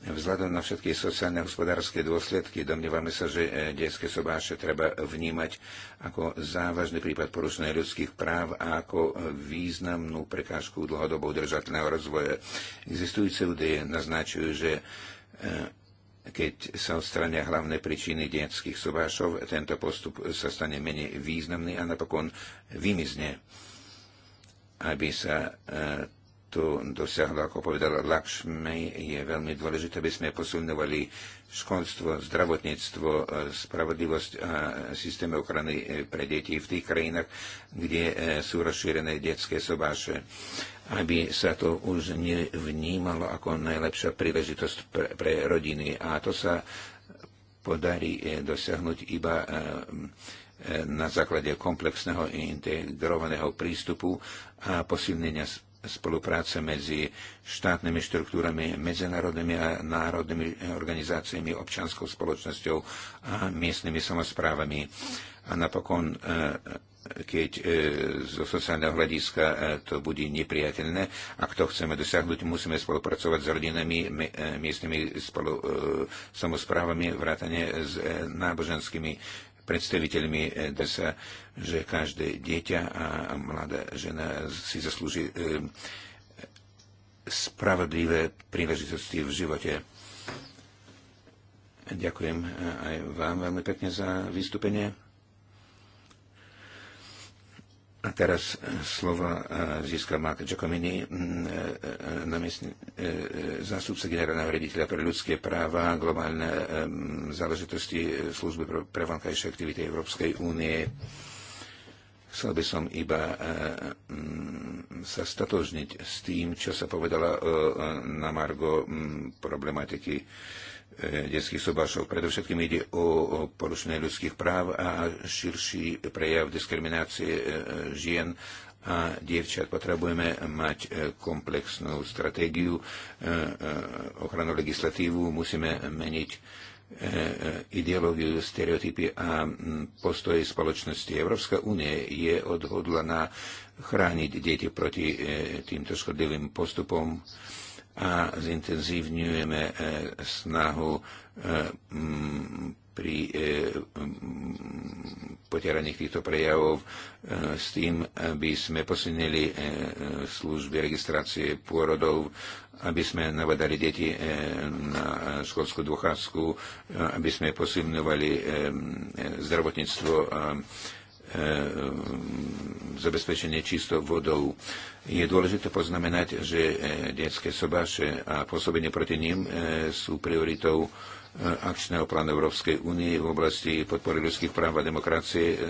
Vzhľadom na všetky sociálne a hospodárske dôsledky domnievame sa, že eh, detské sobáše treba vnímať ako závažný prípad porušenia ľudských práv a ako eh, významnú prekážku dlhodobo udržateľného rozvoja. Existujúce údaje naznačujú, že eh, keď sa odstrania hlavné príčiny detských sobášov, tento postup sa stane menej významný a napokon vymizne aby sa tu dosiahla, ako povedala Lakšmi, je veľmi dôležité, aby sme posilňovali školstvo, zdravotníctvo, spravodlivosť a systémy ochrany e, pre deti v tých krajinách, kde e, sú rozšírené detské sobáše, aby sa to už nevnímalo ako najlepšia príležitosť pre, pre rodiny. A to sa podarí e, dosiahnuť iba na základe komplexného integrovaného prístupu a posilnenia spolupráce medzi štátnymi štruktúrami, medzinárodnými a národnými organizáciami, občanskou spoločnosťou a miestnymi samozprávami. A napokon e, keď e, zo sociálneho hľadiska e, to bude nepriateľné. Ak to chceme dosiahnuť, musíme spolupracovať s rodinami, miestnymi spolu, samozprávami, vrátane s náboženskými predstaviteľmi, kde sa že každé dieťa a mladá žena si zaslúži e, spravodlivé príležitosti v živote. Ďakujem e, aj vám veľmi pekne za vystúpenie. A teraz e, slova získa Mark Giacomini, zástupca generálneho rediteľa pre ľudské práva, globálne záležitosti služby pre vankajšie aktivity Európskej únie. Chcel by som iba e, mm, sa statožniť s tým, čo sa povedala e, na Margo mm, problematiky e, detských sobášov. Predovšetkým ide o porušenie ľudských práv a širší prejav diskriminácie žien a dievčat. Potrebujeme mať komplexnú stratégiu, ochranu legislatívu, musíme meniť E, e, ideológiu, stereotypy a postoje spoločnosti. Európska únie je odhodlaná chrániť deti proti e, týmto škodlivým postupom a zintenzívňujeme snahu pri e, potieraní týchto prejavov e, s tým, aby sme posunili e, služby registrácie pôrodov, aby sme navadali deti na školskú dôchádzku, aby sme e, zdravotníctvo a zabezpečenie čistou vodou. Je dôležité poznamenať, že detské sobáše a pôsobenie proti ním sú prioritou Eh, akčného plánu Európskej únie v oblasti podpory ľudských práv a demokracie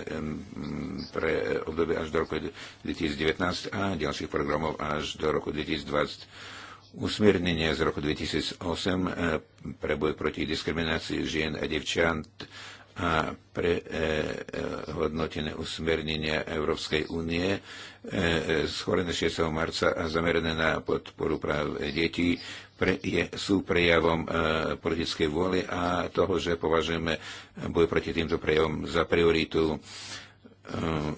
pre obdobie až do roku 2019 a ďalších programov až do roku 2020. Usmiernenie z roku 2008 eh, pre boj proti diskriminácii žien a devčant a pre eh, hodnotené usmernenia Európskej únie schorené 6. marca a zamerané na podporu práv detí, pre, je, sú prejavom e, politickej vôle a toho, že považujeme boj proti týmto prejavom za prioritu. E,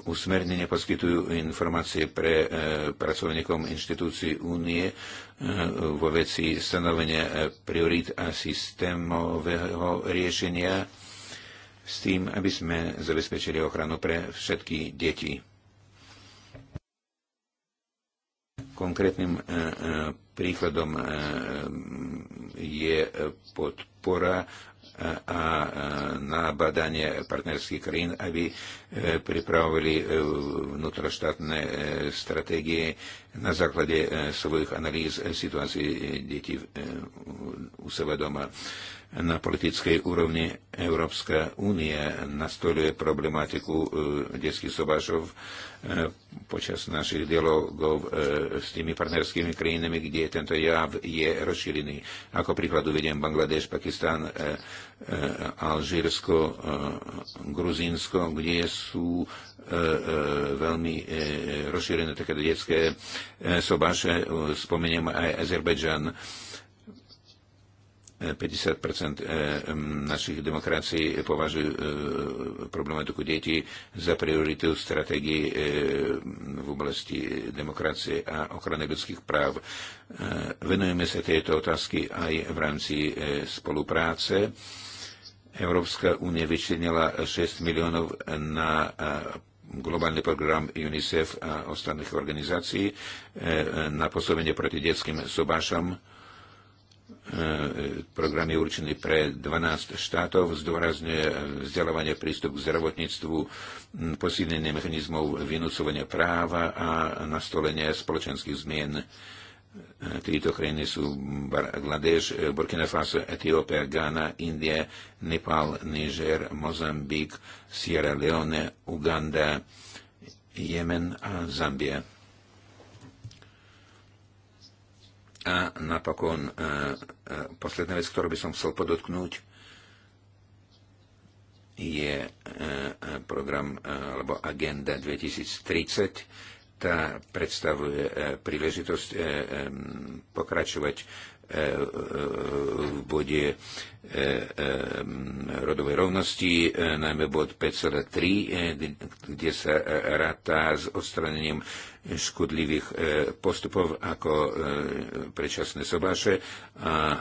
usmernenia poskytujú informácie pre e, pracovníkom inštitúcií únie e, vo veci stanovenia e, priorít a systémového riešenia s tým, aby sme zabezpečili ochranu pre všetky deti. Konkrétnym e, e, príkladom e, je podpora a na badanie partnerských krajín, aby pripravovali vnútroštátne stratégie na základe svojich analýz situácií detí u seba doma na politickej úrovni Európska únie nastoluje problematiku e, detských sobášov e, počas našich dialogov e, s tými partnerskými krajinami, kde tento jav je rozšírený. Ako príklad uvediem Bangladeš, Pakistan, e, e, Alžírsko, e, Gruzínsko, kde sú e, e, veľmi e, rozšírené takéto detské e, sobáše. Spomeniem aj Azerbajdžan E, 50 eh, našich demokracií považujú eh, problematiku detí za prioritu strategii eh, v oblasti demokracie a ochrany ľudských práv. Venujeme sa tejto otázky aj v rámci spolupráce. Európska únia vyčlenila 6 miliónov na globálny program UNICEF a ostatných organizácií na posobenie proti detským sobášom E, program je určený pre 12 štátov, zdôrazňuje e, vzdelávanie prístup k zdravotníctvu, posilnenie mechanizmov vynúcovania práva a nastolenie spoločenských zmien. E, Tieto krajiny sú Bangladeš, Burkina Faso, Etiópia, Ghana, India, Nepal, Niger, Mozambik, Sierra Leone, Uganda, Jemen a Zambia. A napokon e, e, posledná vec, ktorú by som chcel podotknúť, je e, program alebo agenda 2030. Tá predstavuje príležitosť pokračovať v bode rodovej rovnosti, najmä bod 5.3, kde sa ráta s odstranením škodlivých e, postupov ako e, predčasné sobáše a e,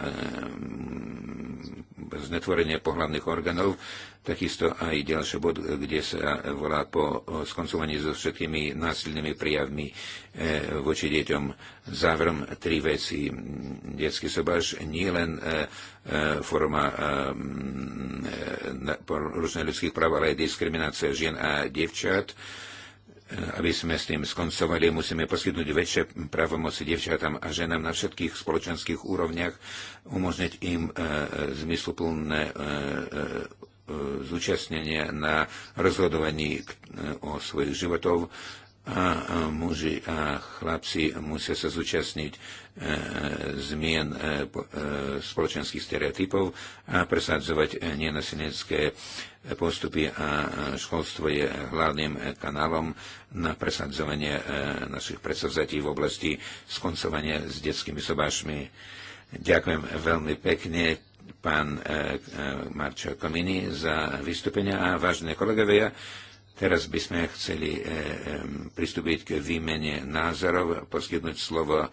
znetvorenie pohľadných orgánov, takisto aj ďalší bod, kde sa volá po skoncovaní so všetkými násilnými prijavmi voči deťom. Záverom tri veci. Detský sobáš nie len forma porušenia ľudských práv, ale aj diskriminácia žien a devčat aby sme s tým skoncovali, musíme poskytnúť väčšie právomoci devčatám a ženám na všetkých spoločenských úrovniach, umožniť im e, zmysluplné e, e, e zúčastnenie na rozhodovaní e, o svojich životov, a muži a chlapci musia sa zúčastniť e, zmien e, e, spoločenských stereotypov a presadzovať nenasilenské postupy a školstvo je hlavným kanálom na presadzovanie našich predsavzatí v oblasti skoncovania s detskými sobášmi. Ďakujem veľmi pekne pán Marčo Komini za vystúpenia a vážne kolegovia. Teraz by sme chceli eh, pristúpiť k výmene názorov, poskytnúť slovo eh,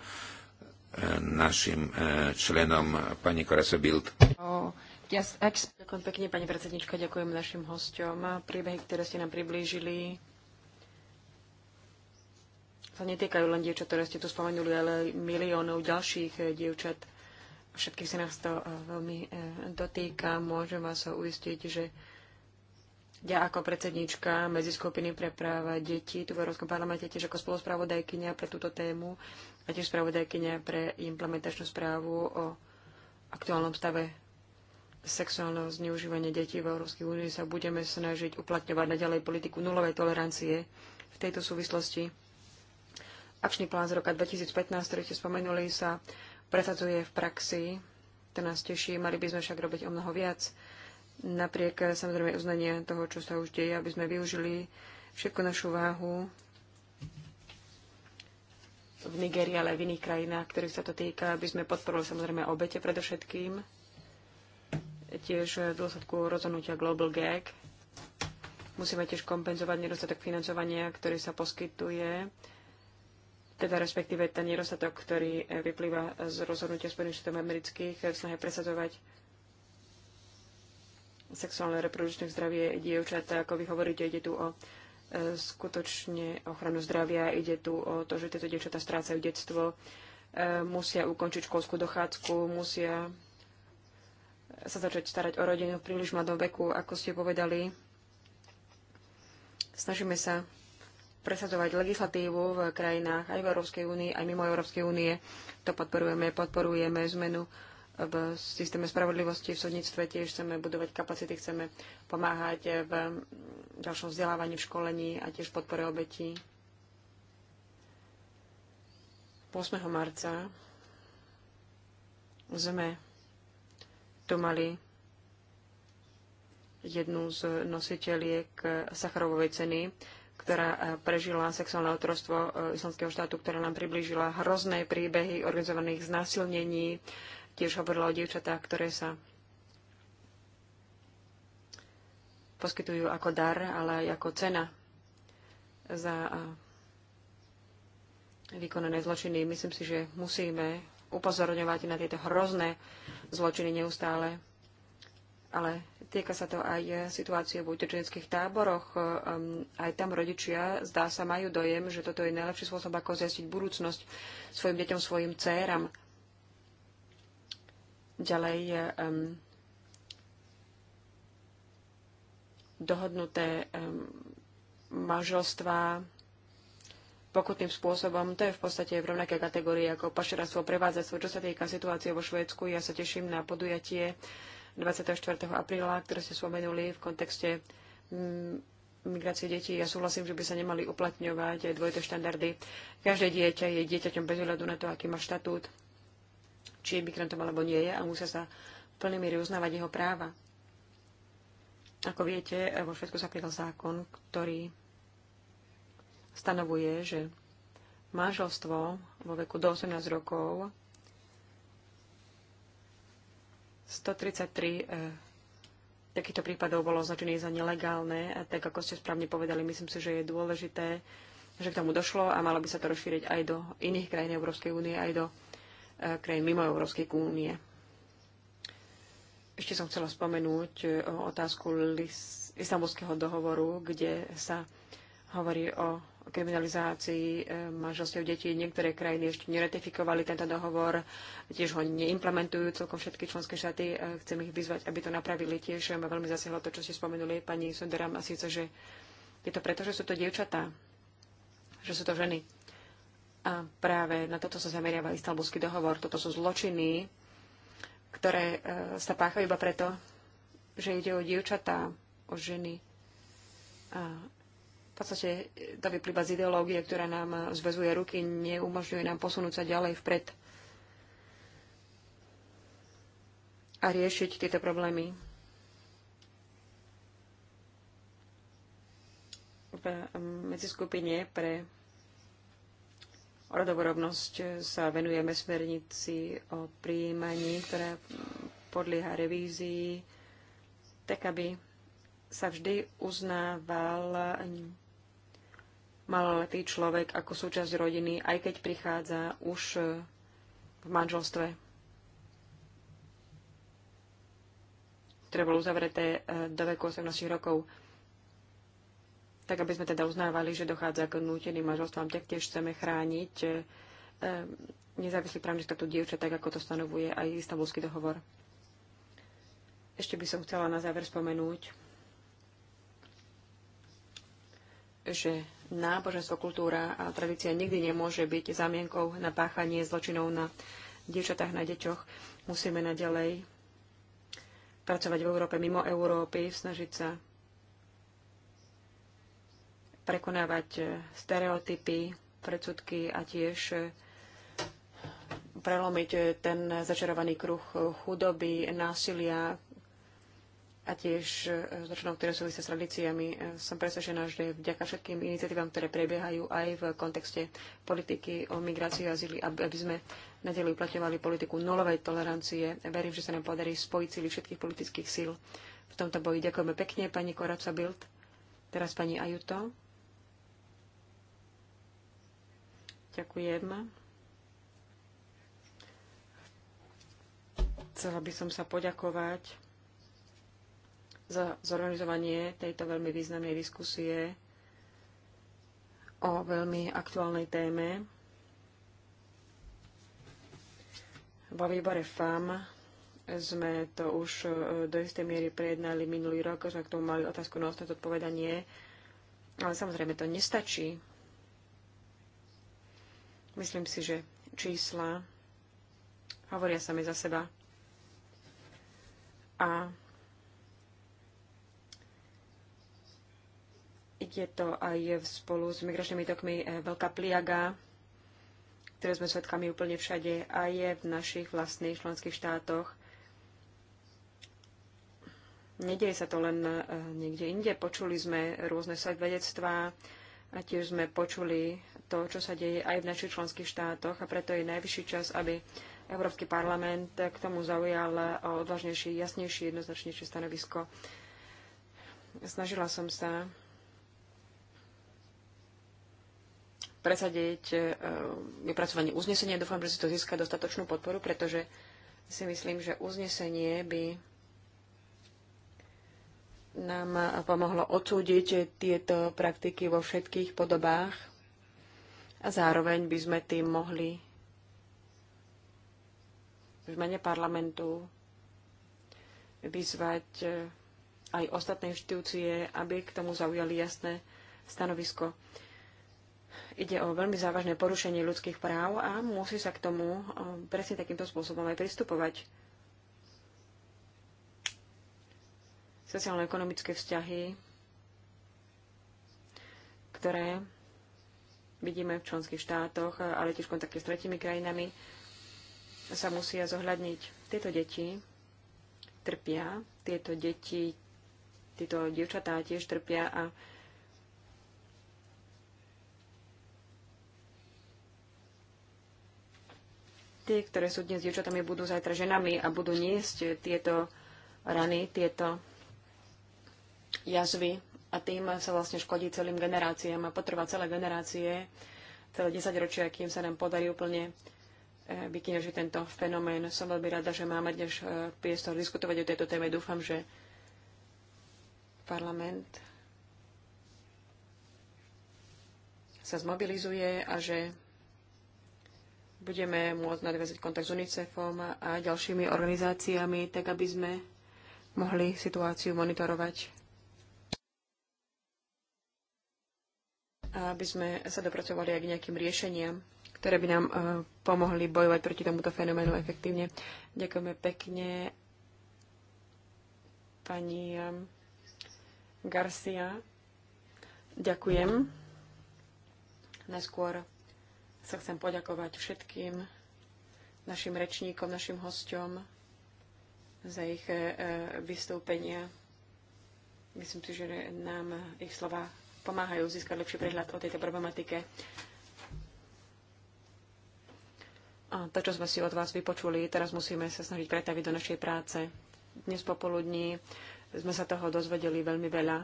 našim eh, členom pani Korasa Bild. Ďakujem pekne, pani predsednička, ďakujem našim hosťom. Príbehy, ktoré ste nám priblížili, sa netýkajú len dievčat, ktoré ste tu spomenuli, ale miliónov ďalších dievčat. Všetkých sa nás to veľmi dotýka. Môžem vás uistiť, že ja ako predsednička skupiny pre práva detí tu v Európskom parlamente tiež ako spoluspravodajkynia pre túto tému a tiež spravodajkynia pre implementačnú správu o aktuálnom stave sexuálneho zneužívania detí v Európskej únii sa budeme snažiť uplatňovať naďalej politiku nulovej tolerancie v tejto súvislosti. Akčný plán z roka 2015, ktorý ste spomenuli, sa presadzuje v praxi. To nás teší, mali by sme však robiť o mnoho viac napriek eh, samozrejme uznania toho, čo sa už deje, aby sme využili všetku našu váhu v Nigerii, ale aj v iných krajinách, ktorých sa to týka, aby sme podporili samozrejme obete predovšetkým, tiež v dôsledku rozhodnutia Global Gag. Musíme tiež kompenzovať nedostatok financovania, ktorý sa poskytuje, teda respektíve ten nedostatok, ktorý eh, vyplýva z rozhodnutia Spojených štátov amerických eh, v snahe presadzovať sexuálne reprodukčné zdravie dievčat. Ako vy hovoríte, ide tu o e, skutočne ochranu zdravia, ide tu o to, že tieto dievčatá strácajú detstvo, e, musia ukončiť školskú dochádzku, musia sa začať starať o rodinu v príliš mladom veku, ako ste povedali. Snažíme sa presadzovať legislatívu v krajinách aj v Európskej únii, aj mimo Európskej únie. To podporujeme, podporujeme zmenu v systéme spravodlivosti, v súdnictve tiež chceme budovať kapacity, chceme pomáhať v ďalšom vzdelávaní, v školení a tiež v podpore obetí. 8. marca sme tu mali jednu z nositeľiek Sacharovovej ceny, ktorá eh, prežila sexuálne otrostvo eh, islamského štátu, ktorá nám priblížila hrozné príbehy organizovaných znásilnení, Tiež hovorila o dievčatách, ktoré sa poskytujú ako dar, ale aj ako cena za vykonané zločiny. Myslím si, že musíme upozorňovať na tieto hrozné zločiny neustále. Ale týka sa to aj situácie v utečeneckých táboroch. Aj tam rodičia, zdá sa, majú dojem, že toto je najlepší spôsob, ako zjastiť budúcnosť svojim deťom, svojim dcéram. Ďalej um, dohodnuté um, manželstvá pokutným spôsobom. To je v podstate v rovnaké kategórii ako pašeráctvo, prevádzactvo. Čo sa týka situácie vo Švédsku, ja sa teším na podujatie 24. apríla, ktoré ste spomenuli v kontexte mm, migrácie detí. Ja súhlasím, že by sa nemali uplatňovať dvojité štandardy. Každé dieťa je dieťaťom bez ohľadu na to, aký má štatút či je migrantom alebo nie je a musia sa v plnej miere uznávať jeho práva. Ako viete, vo Švedsku sa prijal zákon, ktorý stanovuje, že manželstvo vo veku do 18 rokov 133 eh, takýchto prípadov bolo označených za nelegálne a tak, ako ste správne povedali, myslím si, že je dôležité, že k tomu došlo a malo by sa to rozšíriť aj do iných krajín Európskej únie, aj do krajín mimo Európskej únie. Ešte som chcela spomenúť o e, otázku istambulského dohovoru, kde sa hovorí o kriminalizácii e, manželstiev detí. Niektoré krajiny ešte neratifikovali tento dohovor, tiež ho neimplementujú celkom všetky členské štáty. E, chcem ich vyzvať, aby to napravili tiež. Ma veľmi zasiahlo to, čo ste spomenuli, pani Sunderam, a síce, že je to preto, že sú to dievčatá, že sú to ženy. A práve na toto sa zameriava istambulský dohovor. Toto sú zločiny, ktoré e, sa páchajú iba preto, že ide o dievčatá, o ženy. A v podstate e, to vyplýva z ideológie, ktorá nám e, zväzuje ruky, neumožňuje nám posunúť sa ďalej vpred a riešiť tieto problémy. V medziskupine pre rodovorovnosť e, sa venujeme smernici o príjmaní, ktorá podlieha revízii, tak aby sa vždy uznával maloletý človek ako súčasť rodiny, aj keď prichádza už e, v manželstve. Ktoré bolo uzavreté e, do veku 18 rokov tak aby sme teda uznávali, že dochádza k núteným manželstvám, tiež chceme chrániť eh, nezávislý právny štatút dievčat, tak ako to stanovuje aj istambulský dohovor. Ešte by som chcela na záver spomenúť, že náboženstvo, kultúra a tradícia nikdy nemôže byť zamienkou na páchanie zločinov na dievčatách, na deťoch. Musíme naďalej pracovať v Európe, mimo Európy, snažiť sa prekonávať e, stereotypy, predsudky a tiež e, prelomiť e, ten začarovaný kruh chudoby, násilia a tiež zločinov, ktoré súvisia s tradíciami. Som presvedčená, že vďaka všetkým iniciatívam, ktoré prebiehajú aj v kontexte politiky o migrácii a azíli, aby sme nadalej uplatňovali politiku nulovej tolerancie. Verím, že sa nám podarí spojiť síly všetkých politických síl v tomto boji. Ďakujeme pekne, pani Koraca Bild. Teraz pani Ajuto. Ďakujem. Chcela by som sa poďakovať za zorganizovanie tejto veľmi významnej diskusie o veľmi aktuálnej téme. Vo výbore FAM sme to už e, do istej miery prejednali minulý rok, že k tomu mali otázku na ostatné odpovedanie, ale samozrejme to nestačí. Myslím si, že čísla hovoria sami za seba. A je to aj spolu s migračnými tokmi eh, veľká pliaga, ktoré sme svedkami úplne všade a je v našich vlastných členských štátoch. Nedeje sa to len eh, niekde inde. Počuli sme rôzne svedectvá a tiež sme počuli to, čo sa deje aj v našich členských štátoch a preto je najvyšší čas, aby Európsky parlament k tomu zaujal odvážnejšie, jasnejšie, jednoznačnejšie stanovisko. Snažila som sa presadiť e, vypracovanie uznesenia. Dúfam, že si to získa dostatočnú podporu, pretože si myslím, že uznesenie by nám pomohlo odsúdiť tieto praktiky vo všetkých podobách a zároveň by sme tým mohli v mene parlamentu vyzvať e, aj ostatné inštitúcie, aby k tomu zaujali jasné stanovisko. Ide o veľmi závažné porušenie ľudských práv a musí sa k tomu e, presne takýmto spôsobom aj pristupovať. Sociálno-ekonomické vzťahy, ktoré vidíme v členských štátoch, ale tiež v kontakte s tretimi krajinami, sa musia zohľadniť. Tieto deti trpia, tieto deti, tieto dievčatá tiež trpia a tie, ktoré sú dnes dievčatami, budú zajtra ženami a budú niesť tieto rany, tieto jazvy a tým sa vlastne škodí celým generáciám a potrvá celé generácie, celé desaťročia, kým sa nám podarí úplne e, vykyňažiť tento fenomén. Som veľmi rada, že máme dnes e, priestor diskutovať o tejto téme. Dúfam, že parlament sa zmobilizuje a že budeme môcť nadviazať kontakt s UNICEFom a ďalšími organizáciami, tak aby sme mohli situáciu monitorovať. aby sme sa dopracovali aj k nejakým riešeniam, ktoré by nám e, pomohli bojovať proti tomuto fenoménu efektívne. Ďakujeme pekne pani um, Garcia. Ďakujem. Najskôr sa chcem poďakovať všetkým našim rečníkom, našim hosťom za ich e, e, vystúpenia. Myslím si, že nám ich slova pomáhajú získať lepší prehľad o tejto problematike. A to, čo sme si od vás vypočuli, teraz musíme sa snažiť pretaviť do našej práce. Dnes popoludní sme sa toho dozvedeli veľmi veľa.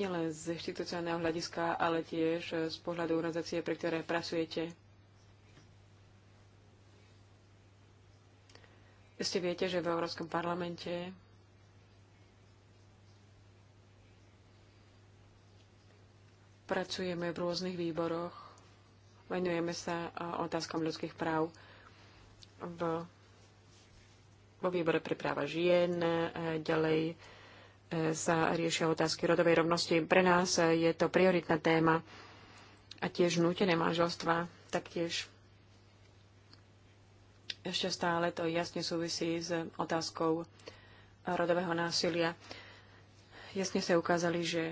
Nielen z inštitucionálneho hľadiska, ale tiež z pohľadu organizácie, pre ktoré pracujete. Ste viete, že v Európskom parlamente Pracujeme v rôznych výboroch, venujeme sa otázkom ľudských práv v, vo výbore pre práva žien, e, ďalej e, sa riešia otázky rodovej rovnosti. Pre nás e, je to prioritná téma a tiež nútené manželstva, taktiež ešte stále to jasne súvisí s otázkou rodového násilia. Jasne sa ukázali, že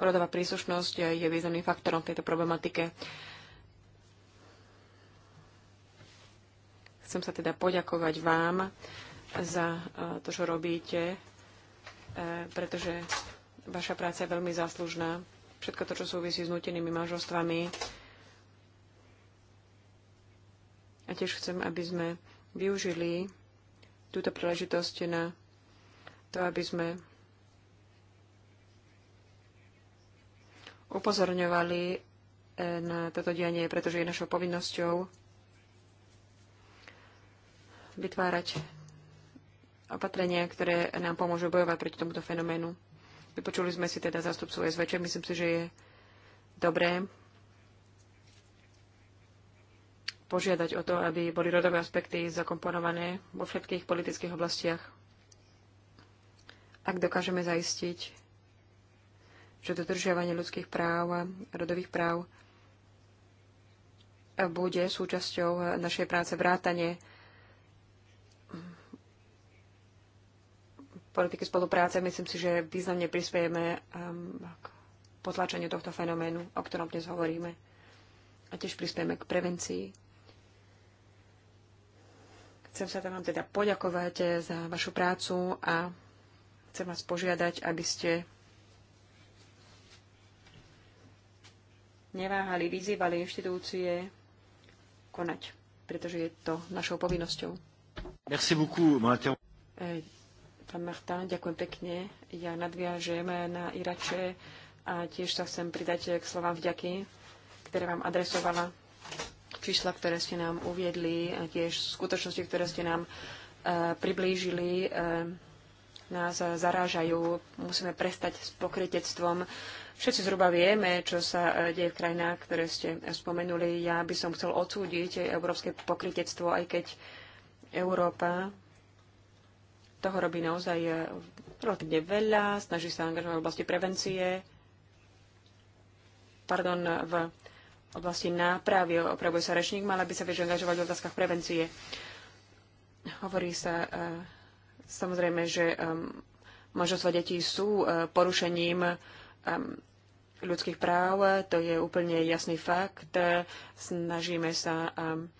rodová príslušnosť je významným faktorom v tejto problematike. Chcem sa teda poďakovať vám za e, to, čo robíte, e, pretože vaša práca je veľmi záslužná. Všetko to, čo súvisí s nutenými manželstvami. A tiež chcem, aby sme využili túto príležitosť na to, aby sme upozorňovali e, na toto dianie, pretože je našou povinnosťou vytvárať opatrenia, ktoré nám pomôžu bojovať proti tomuto fenoménu. Vypočuli sme si teda zástupcov SVČ. Myslím si, že je dobré požiadať o to, aby boli rodové aspekty zakomponované vo všetkých politických oblastiach. Ak dokážeme zaistiť, že dodržiavanie ľudských práv a rodových práv bude súčasťou našej práce vrátane politiky spolupráce. Myslím si, že významne prispiejeme um, k potlačeniu tohto fenoménu, o ktorom dnes hovoríme. A tiež prispiejeme k prevencii. Chcem sa vám teda poďakovať eh, za vašu prácu a chcem vás požiadať, aby ste neváhali, vyzývali inštitúcie konať, pretože je to našou povinnosťou. Merci beaucoup, Martin. Eh, pán Martin, ďakujem pekne. Ja nadviažem na Irače a tiež sa chcem pridať k slovám vďaky, ktoré vám adresovala čísla, ktoré ste nám uviedli, a tiež skutočnosti, ktoré ste nám uh, priblížili. Uh, nás zarážajú. Musíme prestať s pokrytectvom. Všetci zhruba vieme, čo sa e, deje v krajinách, ktoré ste spomenuli. Ja by som chcel odsúdiť európske pokrytectvo, aj keď Európa toho robí naozaj e, relatívne veľa, snaží sa angažovať v oblasti prevencie, pardon, v oblasti nápravy, opravuje sa rečník, mala by sa vieš angažovať v otázkach prevencie. Hovorí sa e, Samozrejme, že um, manželstva detí sú uh, porušením um, ľudských práv, to je úplne jasný fakt. Snažíme sa um,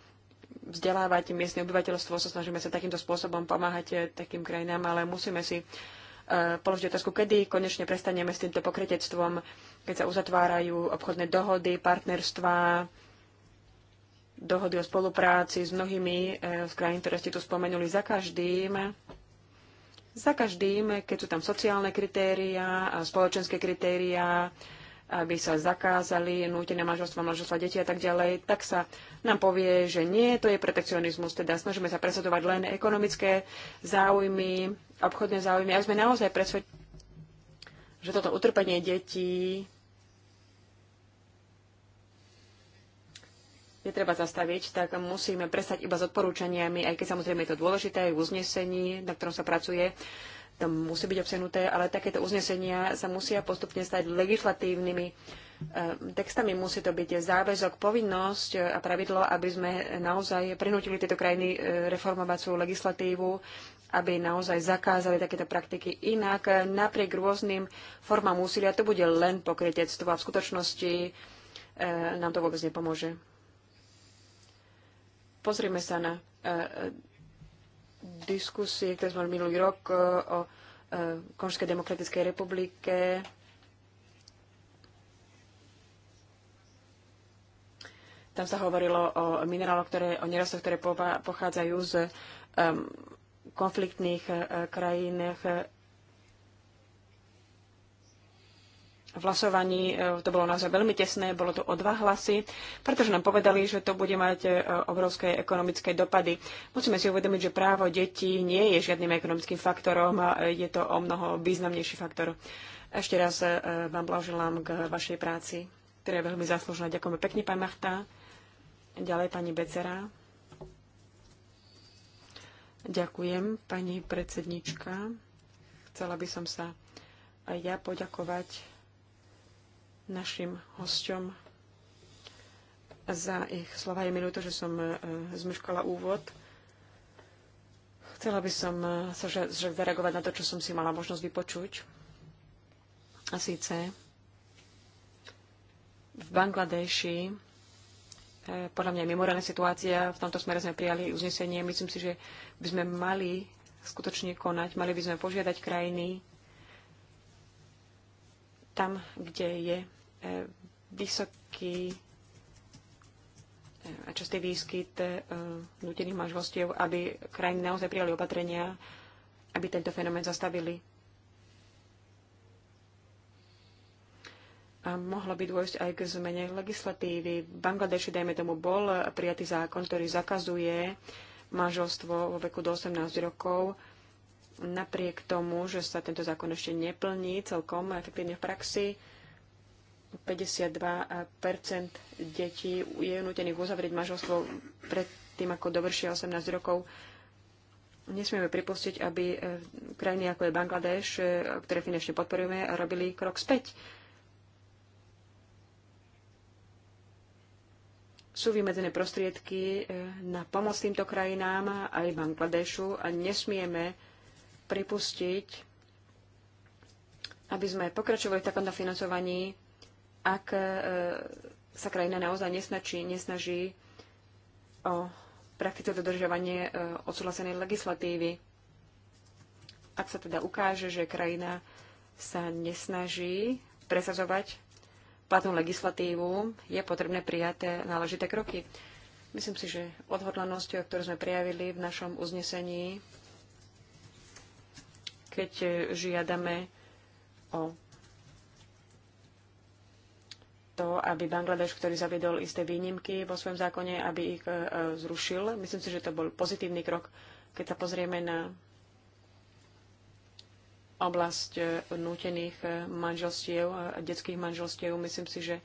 vzdelávať miestne obyvateľstvo, sa snažíme sa takýmto spôsobom pomáhať eh, takým krajinám, ale musíme si uh, položiť otázku, kedy konečne prestaneme s týmto pokretectvom, keď sa uzatvárajú obchodné dohody, partnerstva, dohody o spolupráci s mnohými eh, z krajín, ktoré ste tu spomenuli, za každým za každým, keď sú tam sociálne kritéria, spoločenské kritéria, aby sa zakázali nútené manželstva, manželstva deti a tak ďalej, tak sa nám povie, že nie, to je protekcionizmus. Teda snažíme sa presadovať len ekonomické záujmy, obchodné záujmy, aby sme naozaj presvedčili, že toto utrpenie detí netreba zastaviť, tak musíme prestať iba s odporúčaniami, aj keď samozrejme je to dôležité aj v uznesení, na ktorom sa pracuje, to musí byť obsenuté, ale takéto uznesenia sa musia postupne stať legislatívnymi eh, textami. Musí to byť záväzok, povinnosť a pravidlo, aby sme naozaj prinútili tieto krajiny eh, reformovať svoju legislatívu, aby naozaj zakázali takéto praktiky. Inak eh, napriek rôznym formám úsilia to bude len pokrytectvo a v skutočnosti nám to vôbec nepomôže. Pozrieme sa na e, e, diskusie, ktoré sme minulý rok e, o Konžskej demokratickej republike. Tam sa hovorilo o mineráloch, ktoré, o nerastoch, ktoré pochádzajú z um, konfliktných uh, krajín. v hlasovaní e, to bolo naozaj veľmi tesné, bolo to o dva hlasy, pretože nám povedali, že to bude mať e, obrovské ekonomické dopady. Musíme si uvedomiť, že právo detí nie je žiadnym ekonomickým faktorom, je to o mnoho významnejší faktor. Ešte raz e, vám blahoželám k vašej práci, ktorá je veľmi zaslúžená. Ďakujeme pekne, pán Machta. Ďalej pani Becera. Ďakujem, pani predsednička. Chcela by som sa aj ja poďakovať našim hosťom za ich slova. Je mi ľúto, že som e, zmeškala úvod. Chcela by som e, sa zareagovať na to, čo som si mala možnosť vypočuť. A síce v Bangladeši e, podľa mňa je mimorálna situácia. V tomto smere sme prijali uznesenie. Myslím si, že by sme mali skutočne konať. Mali by sme požiadať krajiny tam, kde je E, vysoký e, a častý výskyt e, nutených manželstiev, aby krajiny naozaj prijali opatrenia, aby tento fenomén zastavili. A mohlo by dôjsť aj k zmene legislatívy. V Bangladeši, dajme tomu, bol prijatý zákon, ktorý zakazuje manželstvo vo veku do 18 rokov. Napriek tomu, že sa tento zákon ešte neplní celkom efektívne v praxi, 52 detí je nutených uzavrieť manželstvo pred tým, ako dovršia 18 rokov. Nesmieme pripustiť, aby eh, krajiny ako je Bangladeš, eh, ktoré finančne podporujeme, robili krok späť. Sú vymedzené prostriedky eh, na pomoc týmto krajinám aj Bangladešu a nesmieme pripustiť, aby sme pokračovali v takomto financovaní ak e, sa krajina naozaj nesnačí, nesnaží o praktické dodržovanie e, odsúhlasenej legislatívy. Ak sa teda ukáže, že krajina sa nesnaží presazovať platnú legislatívu, je potrebné prijaté náležité kroky. Myslím si, že odhodlanosť, ktorú sme prijavili v našom uznesení, keď e, žiadame o to, aby Bangladeš, ktorý zaviedol isté výnimky vo svojom zákone, aby ich e, zrušil. Myslím si, že to bol pozitívny krok, keď sa pozrieme na oblasť e, nútených e, manželstiev, detských manželstiev. Myslím si, že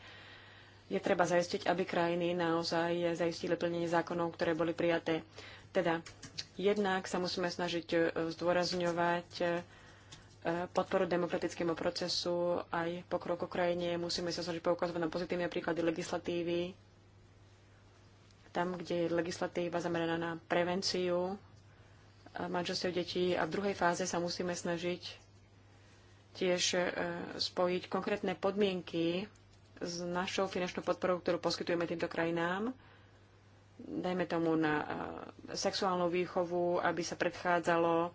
je treba zaistiť, aby krajiny naozaj zaistili plnenie zákonov, ktoré boli prijaté. Teda jednak sa musíme snažiť zdôrazňovať podporu demokratickému procesu aj pokrok krajine. Musíme sa snažiť poukazovať na pozitívne príklady legislatívy. Tam, kde je legislatíva zameraná na prevenciu e, manželstiev detí a v druhej fáze sa musíme snažiť tiež e, spojiť konkrétne podmienky s našou finančnou podporou, ktorú poskytujeme týmto krajinám, dajme tomu na e, sexuálnu výchovu, aby sa predchádzalo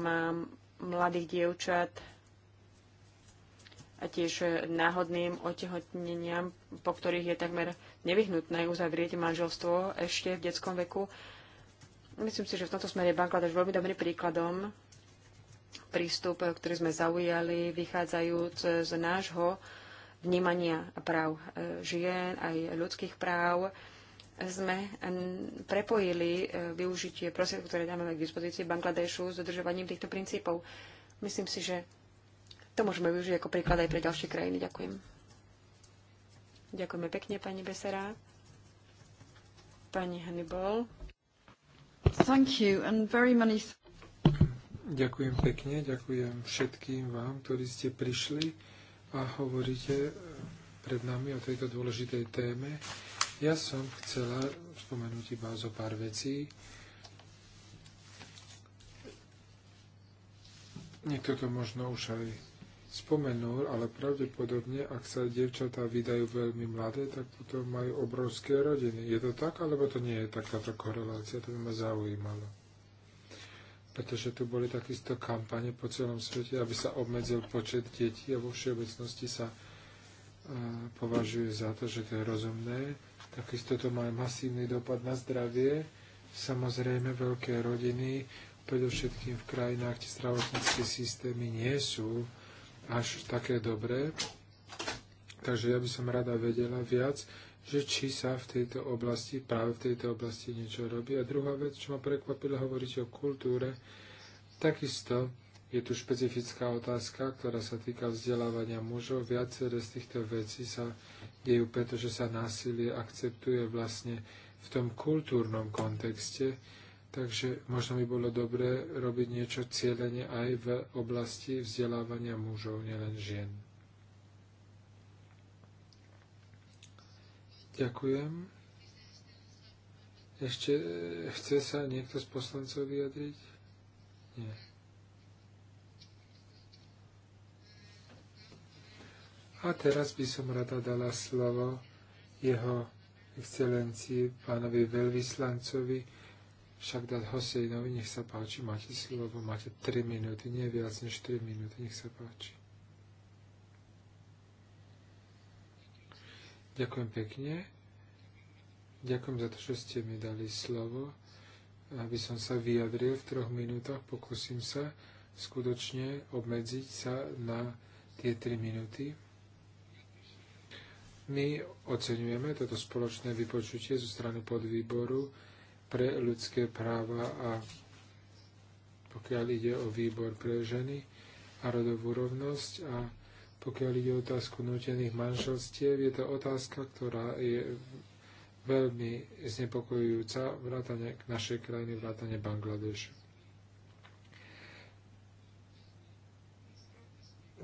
mám mladých dievčat a tiež náhodným otehotneniam, po ktorých je takmer nevyhnutné uzavrieť manželstvo ešte v detskom veku. Myslím si, že v tomto smere je Bangladeš veľmi dobrým príkladom. Prístup, ktorý sme zaujali, vychádzajúc z nášho vnímania práv eh, žien, aj ľudských práv, sme prepojili e, využitie prostriedkov, ktoré dáme k dispozícii Bangladešu s dodržovaním týchto princípov. Myslím si, že to môžeme využiť ako príklad aj pre ďalšie krajiny. Ďakujem. Ďakujeme pekne, pani Besera. Pani Hannibal. Thank you and very many... Ďakujem pekne, ďakujem všetkým vám, ktorí ste prišli a hovoríte e, pred nami o tejto dôležitej téme. Ja som chcela spomenúť iba zo pár vecí. Niekto to možno už aj spomenul, ale pravdepodobne, ak sa dievčatá vydajú veľmi mladé, tak potom majú obrovské rodiny. Je to tak, alebo to nie je takáto korelácia? To by ma zaujímalo pretože tu boli takisto kampane po celom svete, aby sa obmedzil počet detí a vo všeobecnosti sa eh, považuje za to, že to je rozumné. Takisto to má masívny dopad na zdravie. Samozrejme, veľké rodiny, predovšetkým v krajinách, kde zdravotnícke systémy nie sú až také dobré. Takže ja by som rada vedela viac, že či sa v tejto oblasti, práve v tejto oblasti niečo robí. A druhá vec, čo ma prekvapilo, hovoríte o kultúre. Takisto je tu špecifická otázka, ktorá sa týka vzdelávania mužov. Viaceré z týchto vecí sa dejú, pretože sa násilie akceptuje vlastne v tom kultúrnom kontexte. Takže možno by bolo dobré robiť niečo cieľene aj v oblasti vzdelávania mužov, nielen žien. Ďakujem. Ešte chce sa niekto z poslancov vyjadriť? Nie. A teraz by som rada dala slovo jeho excelencii, pánovi veľvyslancovi, dať Hosejnovi, nech sa páči, máte slovo, máte 3 minúty, nie viac než 3 minúty, nech sa páči. Ďakujem pekne. Ďakujem za to, že ste mi dali slovo, aby som sa vyjadril v troch minútach. Pokúsim sa skutočne obmedziť sa na tie tri minúty. My oceňujeme toto spoločné vypočutie zo strany podvýboru pre ľudské práva a pokiaľ ide o výbor pre ženy a rodovú rovnosť a pokiaľ ide o otázku nutených manželstiev, je to otázka, ktorá je veľmi znepokojujúca vrátane k našej krajiny, vrátane Bangladešu.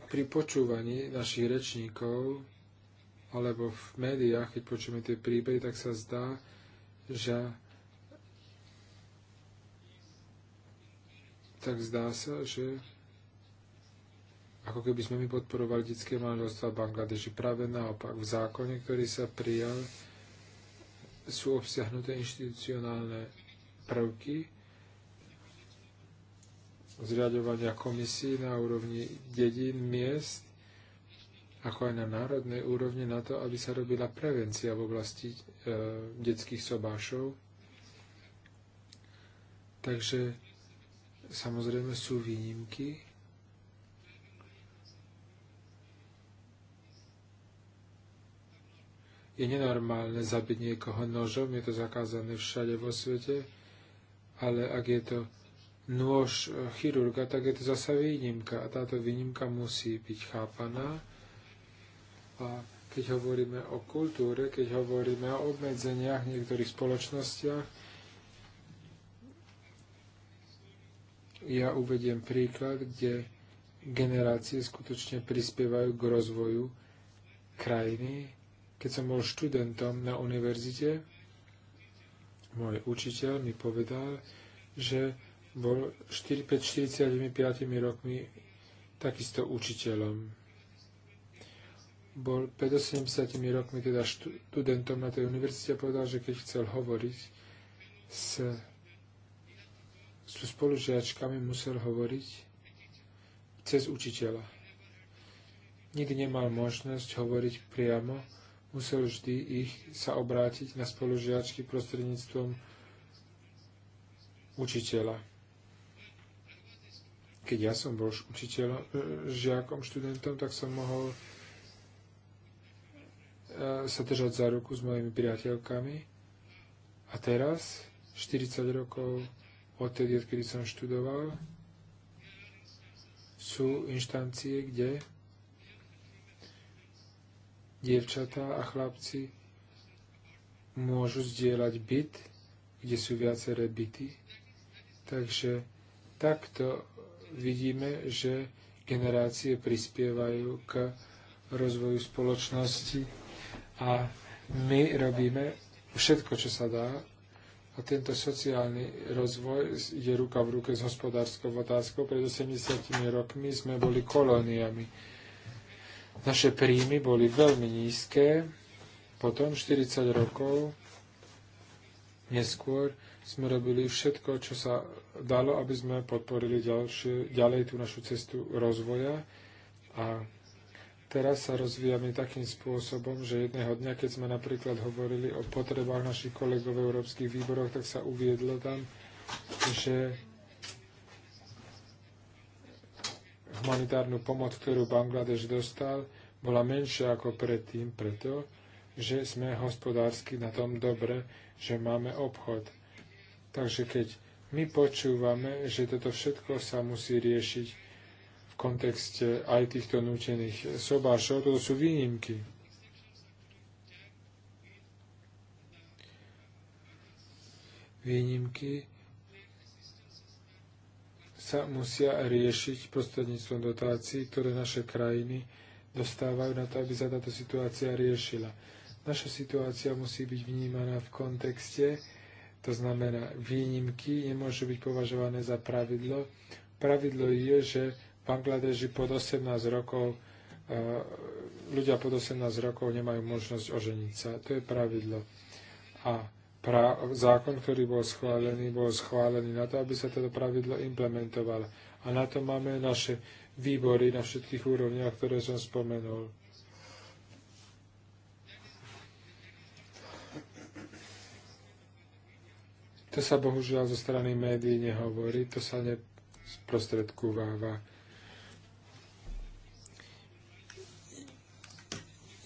Pri počúvaní našich rečníkov alebo v médiách, keď počujeme tie príbehy, tak sa zdá, že tak zdá sa, že ako keby sme my podporovali detské manželstva v Bangladeži. Práve naopak, v zákone, ktorý sa prijal, sú obsiahnuté inštitucionálne prvky zriadovania komisí na úrovni dedín, miest ako aj na národnej úrovni na to, aby sa robila prevencia v oblasti e, detských sobášov. Takže samozrejme sú výnimky. Je nenormálne zabiť niekoho nožom, je to zakázané všade vo svete, ale ak je to nôž e, chirurga, tak je to zasa výnimka a táto výnimka musí byť chápaná a keď hovoríme o kultúre, keď hovoríme o obmedzeniach v niektorých spoločnostiach, ja uvediem príklad, kde generácie skutočne prispievajú k rozvoju krajiny. Keď som bol študentom na univerzite, môj učiteľ mi povedal, že bol 4, 45 rokmi takisto učiteľom bol pred 80 rokmi teda študentom na tej univerzite a povedal, že keď chcel hovoriť s, s spolužiačkami, musel hovoriť cez učiteľa. Nikdy nemal možnosť hovoriť priamo, musel vždy ich sa obrátiť na spolužiačky prostredníctvom učiteľa. Keď ja som bol učiteľom, e, žiakom, študentom, tak som mohol E, sa držať za ruku s mojimi priateľkami. A teraz, 40 rokov odtedy, odkedy som študoval, sú inštancie, kde dievčatá a chlapci môžu zdieľať byt, kde sú viaceré byty. Takže takto vidíme, že generácie prispievajú k rozvoju spoločnosti. A my robíme všetko, čo sa dá. A tento sociálny rozvoj je ruka v ruke s hospodárskou otázkou. Pred 80 rokmi sme boli kolóniami. Naše príjmy boli veľmi nízke. Potom, 40 rokov neskôr, sme robili všetko, čo sa dalo, aby sme podporili ďalšie, ďalej tú našu cestu rozvoja. A Teraz sa rozvíjame takým spôsobom, že jedného dňa, keď sme napríklad hovorili o potrebách našich kolegov v európskych výboroch, tak sa uviedlo tam, že humanitárnu pomoc, ktorú Bangladeš dostal, bola menšia ako predtým, preto, že sme hospodársky na tom dobre, že máme obchod. Takže keď my počúvame, že toto všetko sa musí riešiť kontexte aj týchto nútených sobášov. Toto sú výnimky. Výnimky sa musia riešiť prostredníctvom dotácií, ktoré naše krajiny dostávajú na to, aby sa táto situácia riešila. Naša situácia musí byť vnímaná v kontexte, to znamená výnimky nemôžu byť považované za pravidlo. Pravidlo je, že Bangladeži pod 18 rokov eh, ľudia pod 18 rokov nemajú možnosť oženiť sa. To je pravidlo. A pra- zákon, ktorý bol schválený, bol schválený na to, aby sa toto pravidlo implementovalo. A na to máme naše výbory na všetkých úrovniach, ktoré som spomenul. To sa bohužiaľ zo strany médií nehovorí, to sa neprostredkúváva.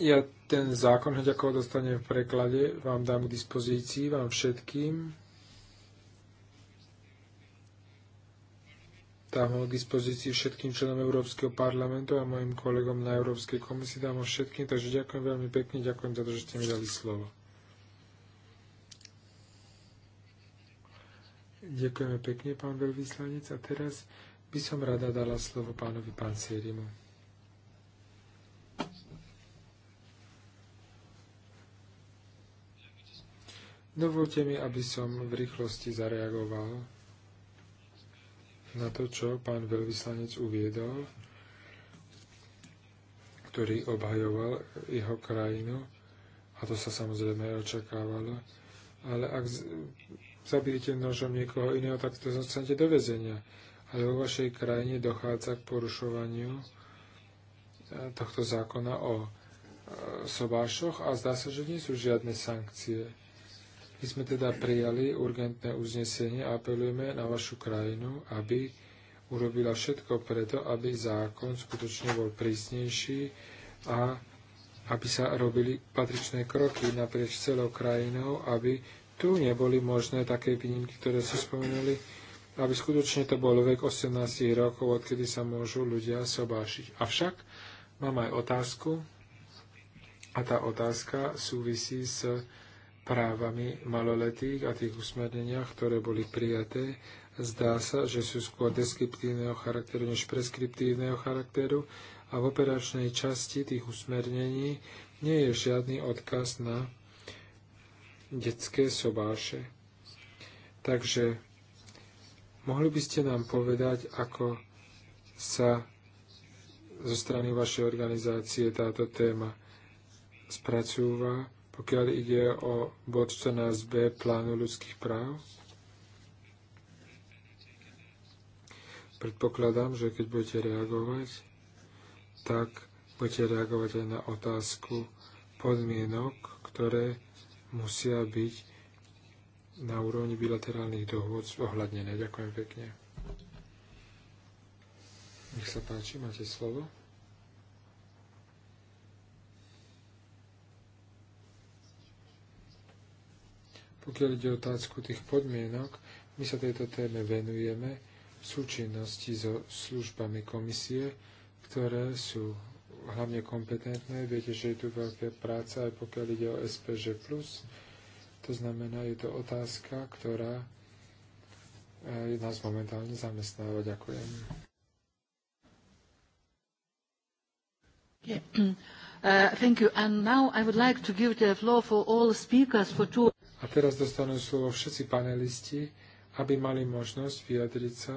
Ja ten zákon, hneď ako ho dostanem v preklade, vám dám k dispozícii, vám všetkým. Dám ho k dispozícii všetkým členom Európskeho parlamentu a mojim kolegom na Európskej komisii. Dám ho všetkým, takže ďakujem veľmi pekne, ďakujem za to, že ste mi dali slovo. Ďakujeme pekne, pán veľvyslanec. A teraz by som rada dala slovo pánovi pancierimu. Dovolte mi, aby som v rýchlosti zareagoval na to, čo pán veľvyslanec uviedol, ktorý obhajoval jeho krajinu, a to sa samozrejme očakávalo, ale ak zabijete nožom niekoho iného, tak to zostanete do vezenia. Ale vo vašej krajine dochádza k porušovaniu e, tohto zákona o e, sobášoch a zdá sa, že nie sú žiadne sankcie. My sme teda prijali urgentné uznesenie a apelujeme na vašu krajinu, aby urobila všetko preto, aby zákon skutočne bol prísnejší a aby sa robili patričné kroky naprieč celou krajinou, aby tu neboli možné také výnimky, ktoré ste spomenuli, aby skutočne to bol vek 18 rokov, odkedy sa môžu ľudia sobášiť. Avšak mám aj otázku a tá otázka súvisí s právami maloletých a tých usmerneniach, ktoré boli prijaté, zdá sa, že sú skôr deskriptívneho charakteru než preskriptívneho charakteru a v operačnej časti tých usmernení nie je žiadny odkaz na detské sobáše. Takže mohli by ste nám povedať, ako sa zo strany vašej organizácie táto téma spracúva pokiaľ ide o bod 14b plánu ľudských práv. Predpokladám, že keď budete reagovať, tak budete reagovať aj na otázku podmienok, ktoré musia byť na úrovni bilaterálnych dohôd ohľadnené. Ďakujem pekne. Nech sa páči, máte slovo. Pokiaľ ide o otázku tých podmienok, my sa tejto téme venujeme v súčinnosti so službami komisie, ktoré sú hlavne kompetentné. Viete, že je tu veľká práca, aj pokiaľ ide o SPŽ+. To znamená, je to otázka, ktorá eh, je nás momentálne zamestnáva. Ďakujem. Yeah. Uh, thank you. And now I would like to give the floor for all speakers for two a teraz dostanú slovo všetci panelisti, aby mali možnosť vyjadriť sa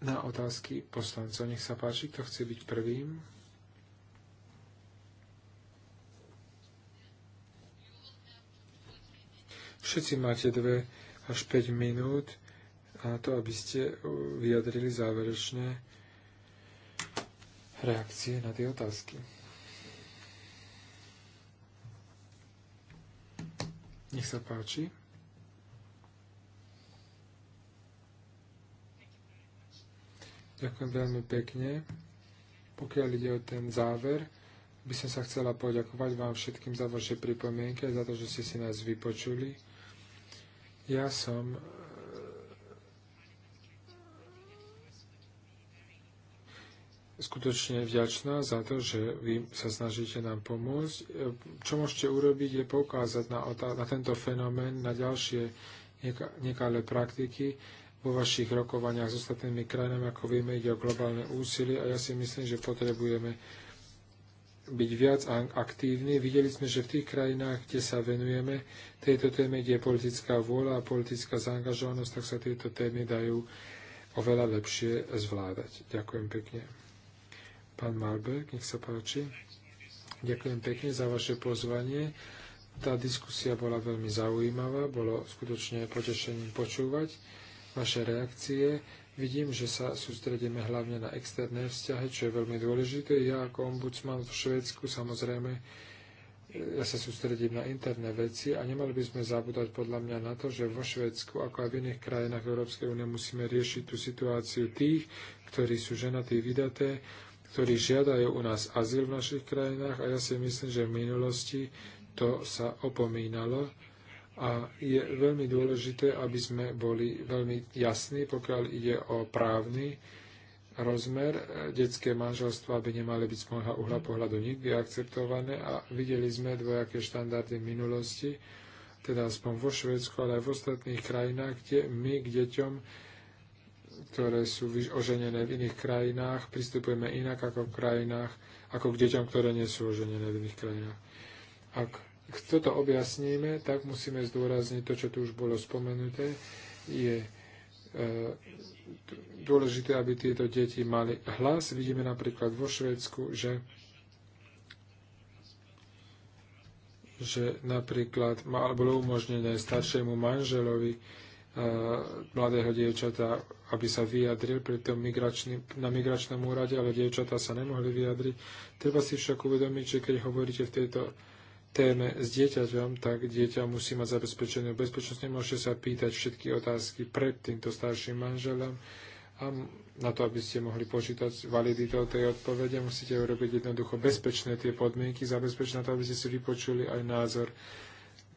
na otázky poslancov. Nech sa páči, kto chce byť prvým. Všetci máte dve až 5 minút na to, aby ste uh, vyjadrili záverečné reakcie na tie otázky. Nech sa páči. Ďakujem veľmi pekne. Pokiaľ ide o ten záver, by som sa chcela poďakovať vám všetkým za vaše pripomienky, za to, že ste si nás vypočuli. Ja som skutočne vďačná za to, že vy sa snažíte nám pomôcť. Čo môžete urobiť, je poukázať na, na tento fenomén, na ďalšie nekalé praktiky vo vašich rokovaniach s ostatnými krajinami, ako vieme, ide o globálne úsilie a ja si myslím, že potrebujeme byť viac aktívni. Videli sme, že v tých krajinách, kde sa venujeme tejto téme, kde je politická vôľa a politická zaangažovanosť, tak sa tieto témy dajú oveľa lepšie zvládať. Ďakujem pekne. Pán Marberg, nech sa páči. Ďakujem pekne za vaše pozvanie. Tá diskusia bola veľmi zaujímavá, bolo skutočne potešením počúvať vaše reakcie. Vidím, že sa sústredíme hlavne na externé vzťahy, čo je veľmi dôležité. Ja ako ombudsman v Švédsku samozrejme ja sa sústredím na interné veci a nemali by sme zabúdať podľa mňa na to, že vo Švedsku, ako aj v iných krajinách Európskej únie, musíme riešiť tú situáciu tých, ktorí sú ženatí vydaté, ktorí žiadajú u nás azyl v našich krajinách a ja si myslím, že v minulosti to sa opomínalo a je veľmi dôležité, aby sme boli veľmi jasní, pokiaľ ide o právny rozmer. Detské manželstva by nemali byť z môjho uhla pohľadu nikdy akceptované a videli sme dvojaké štandardy v minulosti, teda aspoň vo Švedsku, ale aj v ostatných krajinách, kde my k deťom ktoré sú oženené v iných krajinách, pristupujeme inak ako v krajinách, ako k deťom, ktoré nie sú oženené v iných krajinách. Ak toto objasníme, tak musíme zdôrazniť to, čo tu už bolo spomenuté, je e, dôležité, aby tieto deti mali hlas. Vidíme napríklad vo Švedsku, že, že napríklad bolo umožnené staršemu manželovi mladého dievčata, aby sa vyjadril pri tom migračný, na migračnom úrade, ale dievčatá sa nemohli vyjadriť. Treba si však uvedomiť, že keď hovoríte v tejto téme s dieťaťom, tak dieťa musí mať zabezpečenú bezpečnosť. Nemôžete sa pýtať všetky otázky pred týmto starším manželom a na to, aby ste mohli počítať validitu tej odpovede, musíte urobiť jednoducho bezpečné tie podmienky, zabezpečné na to, aby ste si vypočuli aj názor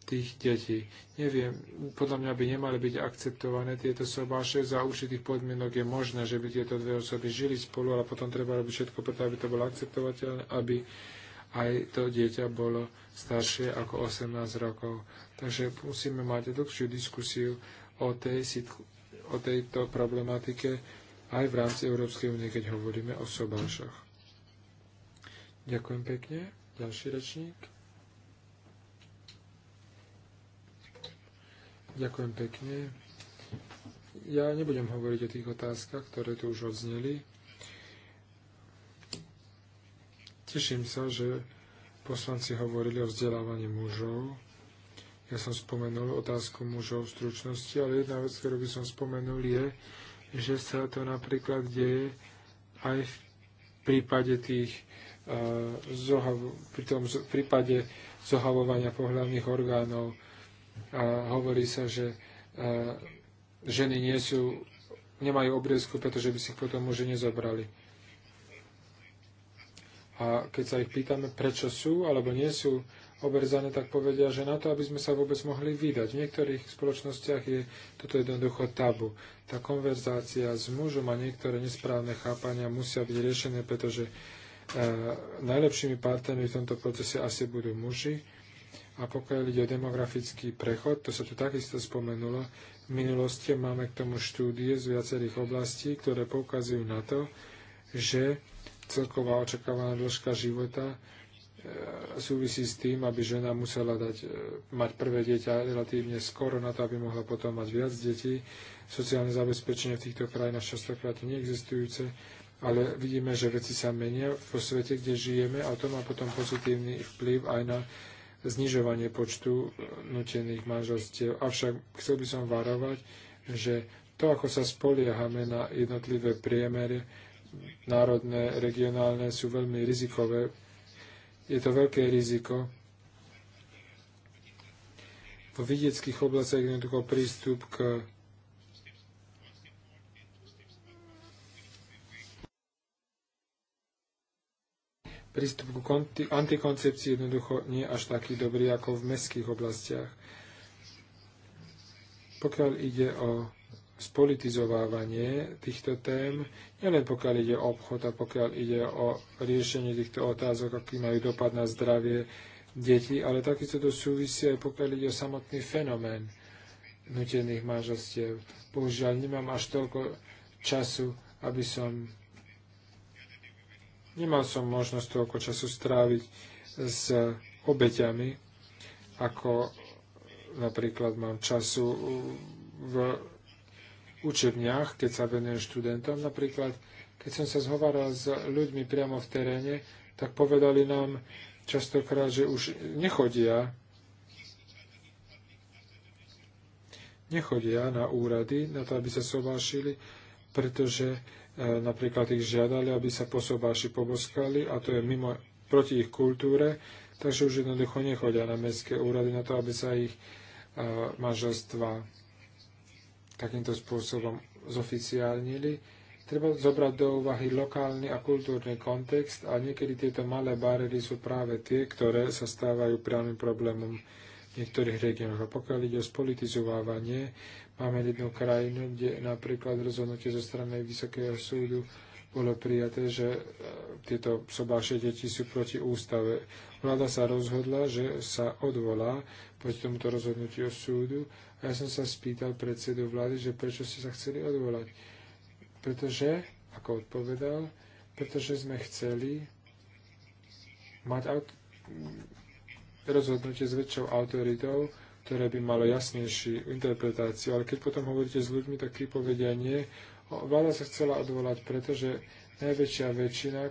tých detí. Neviem, podľa mňa by nemali byť akceptované tieto sobáše. Za určitých podmienok je možné, že by tieto dve osoby žili spolu, ale potom treba robiť všetko preto, aby to bolo akceptovateľné, aby aj to dieťa bolo staršie ako 18 rokov. Takže musíme mať dlhšiu diskusiu o, tej, o tejto problematike aj v rámci Európskej únie, keď hovoríme o sobášoch. Ďakujem pekne. Ďalší rečník. Ďakujem pekne. Ja nebudem hovoriť o tých otázkach, ktoré tu už odzneli. Teším sa, že poslanci hovorili o vzdelávaní mužov. Ja som spomenul otázku mužov v stručnosti, ale jedna vec, ktorú by som spomenul, je, že sa to napríklad deje aj v prípade tých uh, zohav, pri tom, v prípade zohavovania pohľavných orgánov hovorí sa, že ženy nie sú, nemajú obriezku, pretože by si ich potom muži nezobrali. A keď sa ich pýtame, prečo sú alebo nie sú obrezané, tak povedia, že na to, aby sme sa vôbec mohli vydať. V niektorých spoločnostiach je toto jednoducho tabu. Tá konverzácia s mužom a niektoré nesprávne chápania musia byť riešené, pretože e, najlepšími partnermi v tomto procese asi budú muži a pokiaľ ide o demografický prechod, to sa tu takisto spomenulo, v minulosti máme k tomu štúdie z viacerých oblastí, ktoré poukazujú na to, že celková očakávaná dĺžka života e, súvisí s tým, aby žena musela dať, e, mať prvé dieťa relatívne skoro na to, aby mohla potom mať viac detí. Sociálne zabezpečenie v týchto krajinách častokrát neexistujúce, ale vidíme, že veci sa menia vo svete, kde žijeme a to má potom pozitívny vplyv aj na znižovanie počtu nutených manželstiev. Avšak chcel by som varovať, že to, ako sa spoliehame na jednotlivé priemery, národné, regionálne, sú veľmi rizikové. Je to veľké riziko. Vo vidieckých oblastiach jednoducho prístup k prístup ku antikoncepcii jednoducho nie až taký dobrý ako v mestských oblastiach. Pokiaľ ide o spolitizovávanie týchto tém, nielen pokiaľ ide o obchod a pokiaľ ide o riešenie týchto otázok, aký majú dopad na zdravie detí, ale takisto to súvisí aj pokiaľ ide o samotný fenomén nutených manželstiev. Bohužiaľ, nemám až toľko času, aby som Nemal som možnosť toľko času stráviť s obeťami, ako napríklad mám času v učebniach, keď sa venujem študentom. Napríklad, keď som sa zhováral s ľuďmi priamo v teréne, tak povedali nám častokrát, že už nechodia nechodia na úrady na to, aby sa sobášili, pretože E, napríklad ich žiadali, aby sa posobáši poboskali a to je mimo, proti ich kultúre, takže už jednoducho nechodia na mestské úrady na to, aby sa ich e, manželstva takýmto spôsobom zoficiálnili. Treba zobrať do úvahy lokálny a kultúrny kontext a niekedy tieto malé barery sú práve tie, ktoré sa stávajú priamým problémom v niektorých regiónoch. A pokiaľ ide o spolitizovávanie, máme jednu krajinu, kde napríklad rozhodnutie zo strany Vysokého súdu bolo prijaté, že e, tieto sobáše deti sú proti ústave. Vláda sa rozhodla, že sa odvolá proti tomuto rozhodnutiu súdu a ja som sa spýtal predsedu vlády, že prečo ste sa chceli odvolať. Pretože, ako odpovedal, pretože sme chceli mať rozhodnutie s väčšou autoritou, ktoré by malo jasnejšiu interpretáciu. Ale keď potom hovoríte s ľuďmi, tak tí povedia nie. Vláda sa chcela odvolať, pretože najväčšia väčšina,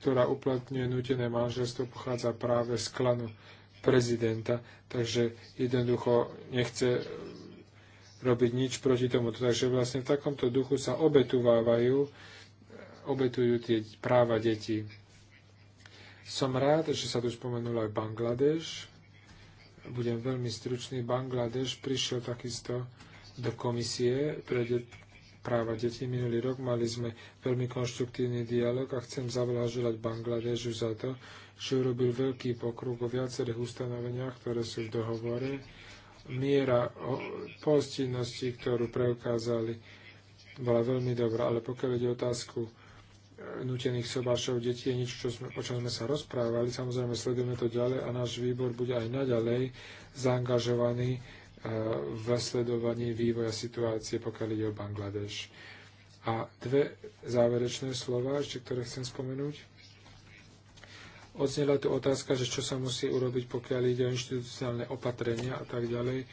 ktorá uplatňuje nutené manželstvo, pochádza práve z klanu prezidenta, takže jednoducho nechce robiť nič proti tomu. Takže vlastne v takomto duchu sa obetuvávajú, obetujú tie práva detí. Som rád, že sa tu spomenul aj Bangladeš. Budem veľmi stručný. Bangladeš prišiel takisto do komisie pre de- práva detí. Minulý rok mali sme veľmi konštruktívny dialog a chcem zavlažovať Bangladežu za to, že urobil veľký pokrok o viacerých ustanoveniach, ktoré sú v dohovore. Miera pohostinnosti, ktorú preukázali, bola veľmi dobrá, ale pokiaľ ide otázku nutených sobášov detí je niečo, čo sme, o čom sme sa rozprávali. Samozrejme, sledujeme to ďalej a náš výbor bude aj naďalej zaangažovaný e, v sledovaní vývoja situácie, pokiaľ ide o Bangladeš. A dve záverečné slova, ešte ktoré chcem spomenúť. Odznela tu otázka, že čo sa musí urobiť, pokiaľ ide o inštitucionálne opatrenia a tak ďalej.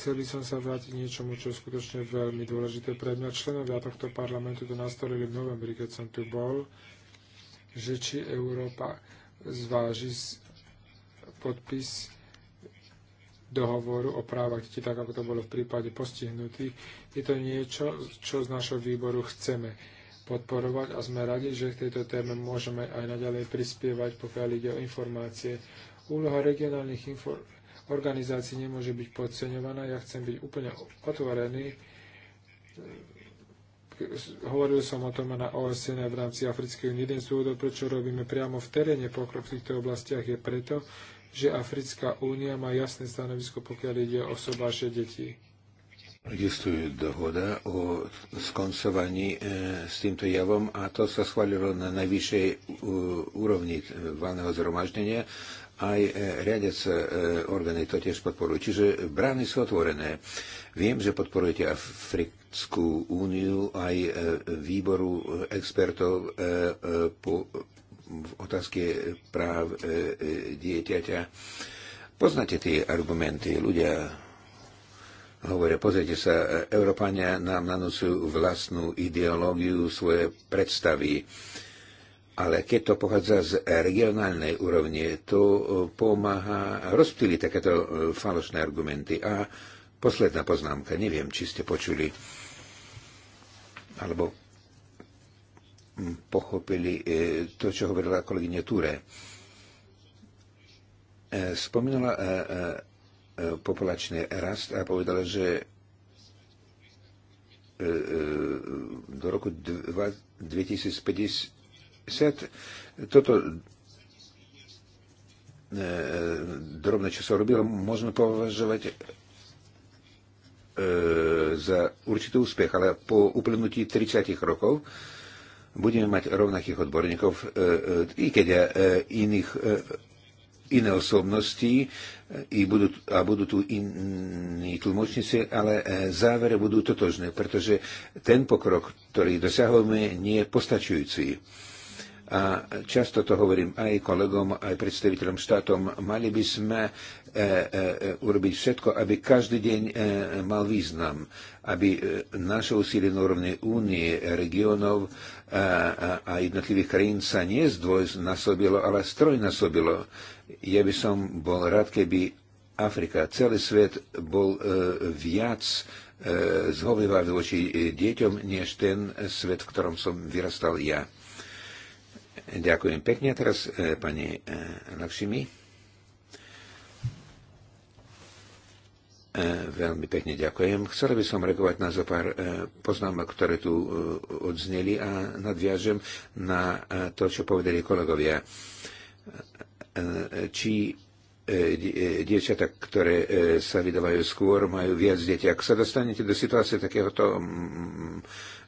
Chceli som sa vrátiť niečomu, čo je skutočne veľmi dôležité pre mňa. Členovia tohto parlamentu to nastolili v novembri, keď som tu bol, že či Európa zváži podpis dohovoru o právach detí, tak ako to bolo v prípade postihnutých. Je to niečo, čo z našho výboru chceme podporovať a sme radi, že k tejto téme môžeme aj naďalej prispievať, pokiaľ ide o informácie. Úloha regionálnych informácií organizácií nemôže byť podceňovaná. Ja chcem byť úplne otvorený. Hovoril som o tom na OSN v rámci Africkej únie. Jeden z dôvodov, prečo robíme priamo v teréne pokrok v týchto oblastiach, je preto, že Africká únia má jasné stanovisko, pokiaľ ide o sobáše detí. Existuje dohoda o skoncovaní e, s týmto javom a to sa schválilo na najvyššej e, úrovni valného zhromaždenia aj e, riadec e, orgány to tiež podporujú. Čiže brány sú otvorené. Viem, že podporujete Africkú úniu aj e, výboru expertov po, v otázke práv dieťaťa. Poznáte tie argumenty. Ľudia hovoria, pozrite sa, Európania nám nanúcujú vlastnú ideológiu, svoje predstavy. E, ale keď to pochádza z regionálnej úrovne, to e, pomáha rozptýliť takéto e, falošné argumenty. A posledná poznámka, neviem, či ste počuli alebo mm, pochopili e, to, čo hovorila kolegyňa Ture. Spomínala populačný rast a povedala, že do roku 2050 50. toto e, drobné, čo sa robilo, môžeme považovať e, za určitý úspech, ale po uplynutí 30 rokov budeme mať rovnakých odborníkov, e, i keď iných, iné osobnosti i budú, a budú tu iní tlmočníci, ale závere budú totožné, pretože ten pokrok, ktorý dosahujeme, nie je postačujúci a často to hovorím aj kolegom, aj predstaviteľom štátom, mali by sme e, e, e, urobiť všetko, aby každý deň e, mal význam, aby e, naše úsilie na úrovni únie, regionov a, e, a, a jednotlivých krajín sa nie zdvojnásobilo, ale strojnásobilo. Ja by som bol rád, keby Afrika, celý svet bol e, viac e, zhovývavý voči e, deťom, než ten svet, v ktorom som vyrastal ja. Ďakujem pekne. A Teraz e, pani e, Lakšimi. E, veľmi pekne ďakujem. Chcel by som reagovať na zo pár e, poznámok, ktoré tu e, odzneli a nadviažem na e, to, čo povedali kolegovia. E, e Či e, dievčatá, ktoré sa vydávajú skôr, majú viac detí. Ak sa dostanete do situácie takéhoto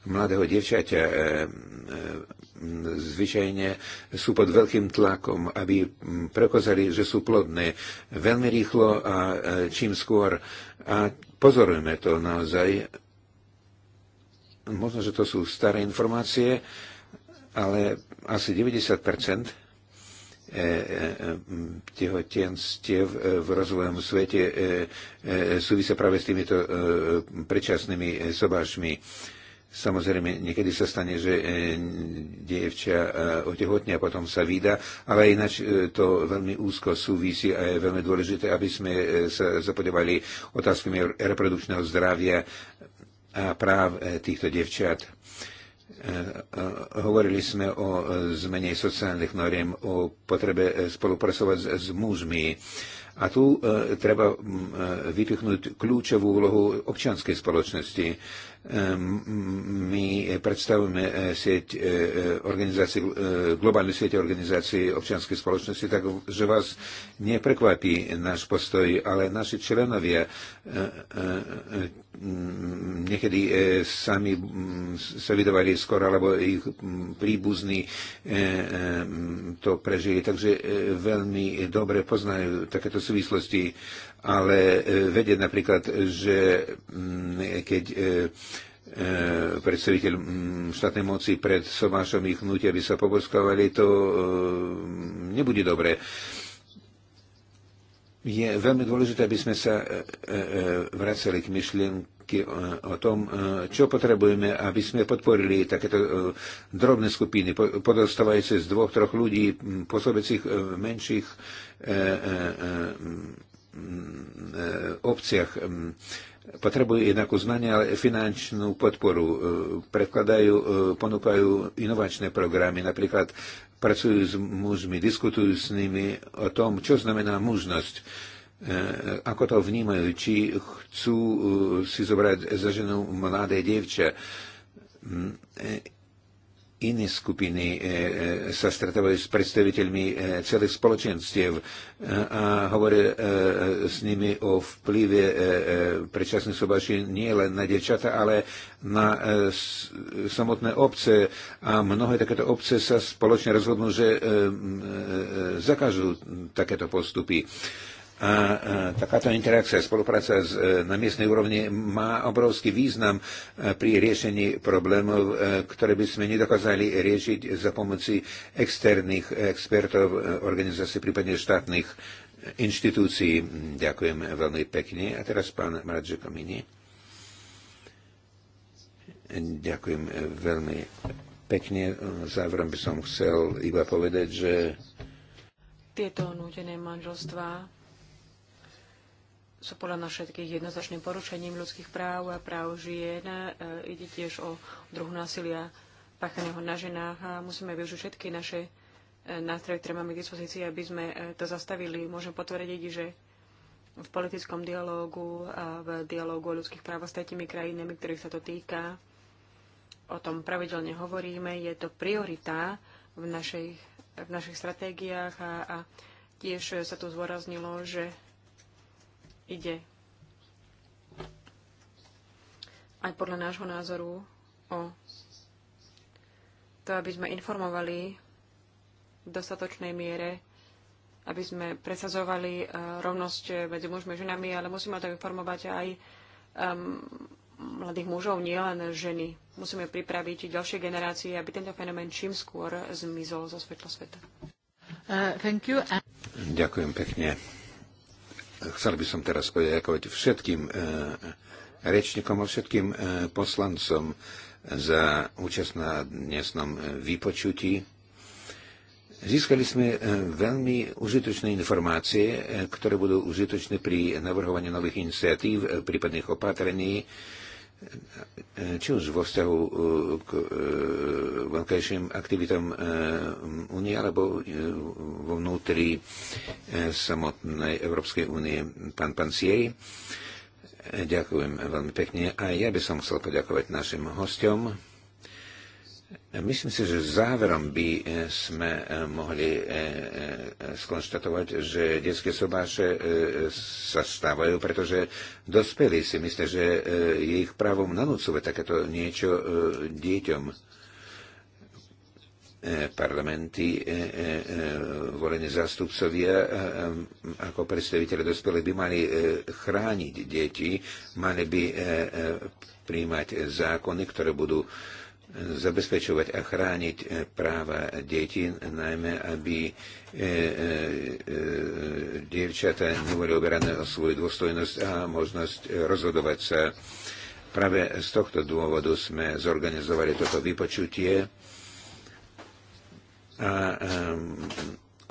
mladého dievčaťa zvyčajne sú pod veľkým tlakom, aby prekozali, že sú plodné veľmi rýchlo a e, čím skôr. A pozorujeme to naozaj. Možno, že to sú staré informácie, ale asi 90 e, e, tehotenstiev v rozvojom svete súvisia práve s týmito predčasnými sobášmi. Samozrejme, niekedy sa stane, že e, dievča e, otehotne a potom sa vydá, ale ináč e, to veľmi úzko súvisí a je veľmi dôležité, aby sme sa zapodevali otázkami reprodukčného zdravia a práv týchto devčat. Hovorili sme o zmene sociálnych noriem, o potrebe spolupracovať s mužmi. A tu e, treba e, vypichnúť kľúčovú úlohu občianskej spoločnosti. My predstavujeme eh, sieť eh, eh, organizácií, globálnu sieť organizácií občianskej spoločnosti, tak že vás neprekvapí náš postoj, ale naši členovia mm, niekedy sami mm, sa vydovali skoro, alebo ich mm, príbuzní to prežili, takže veľmi dobre poznajú takéto súvislosti ale e, vedieť napríklad, že mm, keď e, e, predstaviteľ mm, štátnej moci pred somášom ich hnutia by sa poboskovali, to nebude dobré. Je veľmi dôležité, aby sme sa vracali k myšlienke o tom, čo potrebujeme, aby sme podporili takéto drobné skupiny, podostávajúce z dvoch, troch ľudí, pôsobecích menších Mm, e, obciach mm, potrebujú jednak uznanie, ale finančnú podporu. E, predkladajú, e, ponúkajú inovačné programy, napríklad pracujú s mužmi, diskutujú s nimi o tom, čo znamená mužnosť, ako to vnímajú, či chcú si zobrať za ženu mladé dievče. Mm, iné skupiny e, e, sa stretávajú s predstaviteľmi e, celých spoločenstiev a hovoria s nimi o vplyve predčasných sobaší nie len na dečata, ale na samotné obce. A mnohé takéto obce sa spoločne rozhodnú, že zakážu takéto postupy. A, takáto interakcia, spolupráca s, e, na miestnej úrovni má obrovský význam e, pri riešení problémov, e, ktoré by sme nedokázali riešiť za pomoci externých expertov, organizácií, prípadne štátnych inštitúcií. Ďakujem veľmi pekne. A teraz pán Maradžo Kamini. Ďakujem veľmi pekne. Záverom by som chcel iba povedať, že tieto nútené manželstvá sú podľa nás všetkých jednoznačným porušením ľudských práv a práv žien. E, ide tiež o druhu násilia páchaného na ženách a musíme využiť všetky naše e, nástroje, ktoré máme k dispozícii, aby sme e, to zastavili. Môžem potvrdiť, že v politickom dialógu a v dialógu o ľudských právach s tretimi krajinami, ktorých sa to týka, o tom pravidelne hovoríme. Je to priorita v našich, v našich stratégiách a, a tiež sa tu zvoraznilo, že ide aj podľa nášho názoru o to, aby sme informovali v dostatočnej miere, aby sme presazovali e, rovnosť medzi mužmi a ženami, ale musíme to informovať aj um, mladých mužov, nielen ženy. Musíme pripraviť ďalšie generácie, aby tento fenomén čím skôr zmizol zo svetla sveta. Uh, thank you. Ďakujem pekne. Chcel by som teraz poďakovať všetkým eh, rečníkom a všetkým eh, poslancom za účasť na dnesnom eh, vypočutí. Získali sme veľmi užitočné informácie, ktoré budú užitočné pri navrhovaní nových iniciatív, prípadných opatrení, či už vo vzťahu e, k e, vonkajším aktivitám únie e, alebo vo vnútri samotnej Európskej únie. Pán Panciej, ďakujem veľmi pekne a ja by som chcel poďakovať našim hostom. Myslím si, že záverom by eh, sme eh, mohli eh, skonštatovať, že detské sobáše sa stávajú, pretože dospelí si myslia, že je ich právom nanúcovať takéto niečo dieťom. Parlamenty, volení zástupcovia ako predstaviteľe dospelí by mali chrániť deti, mali by príjmať zákony, ktoré budú zabezpečovať a chrániť e, práva detí, najmä aby e, e, dievčatá neboli oberané o svoju dôstojnosť a možnosť rozhodovať sa. Práve z tohto dôvodu sme zorganizovali toto vypočutie a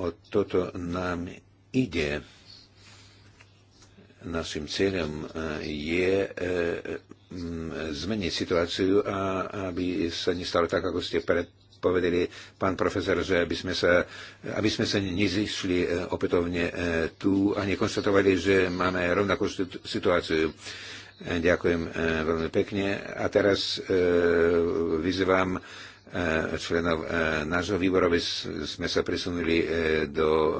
o toto nám ide. Našim cieľom je Mm, zmeniť situáciu a aby sa nestalo tak, ako ste predpovedali, pán profesor, že aby sme sa, aby sme sa nezišli e, opätovne e, tu a nekonštatovali, že máme rovnakú situáciu. E, ďakujem veľmi pekne. A teraz vyzývam členov nášho výboru, aby sme sa presunuli do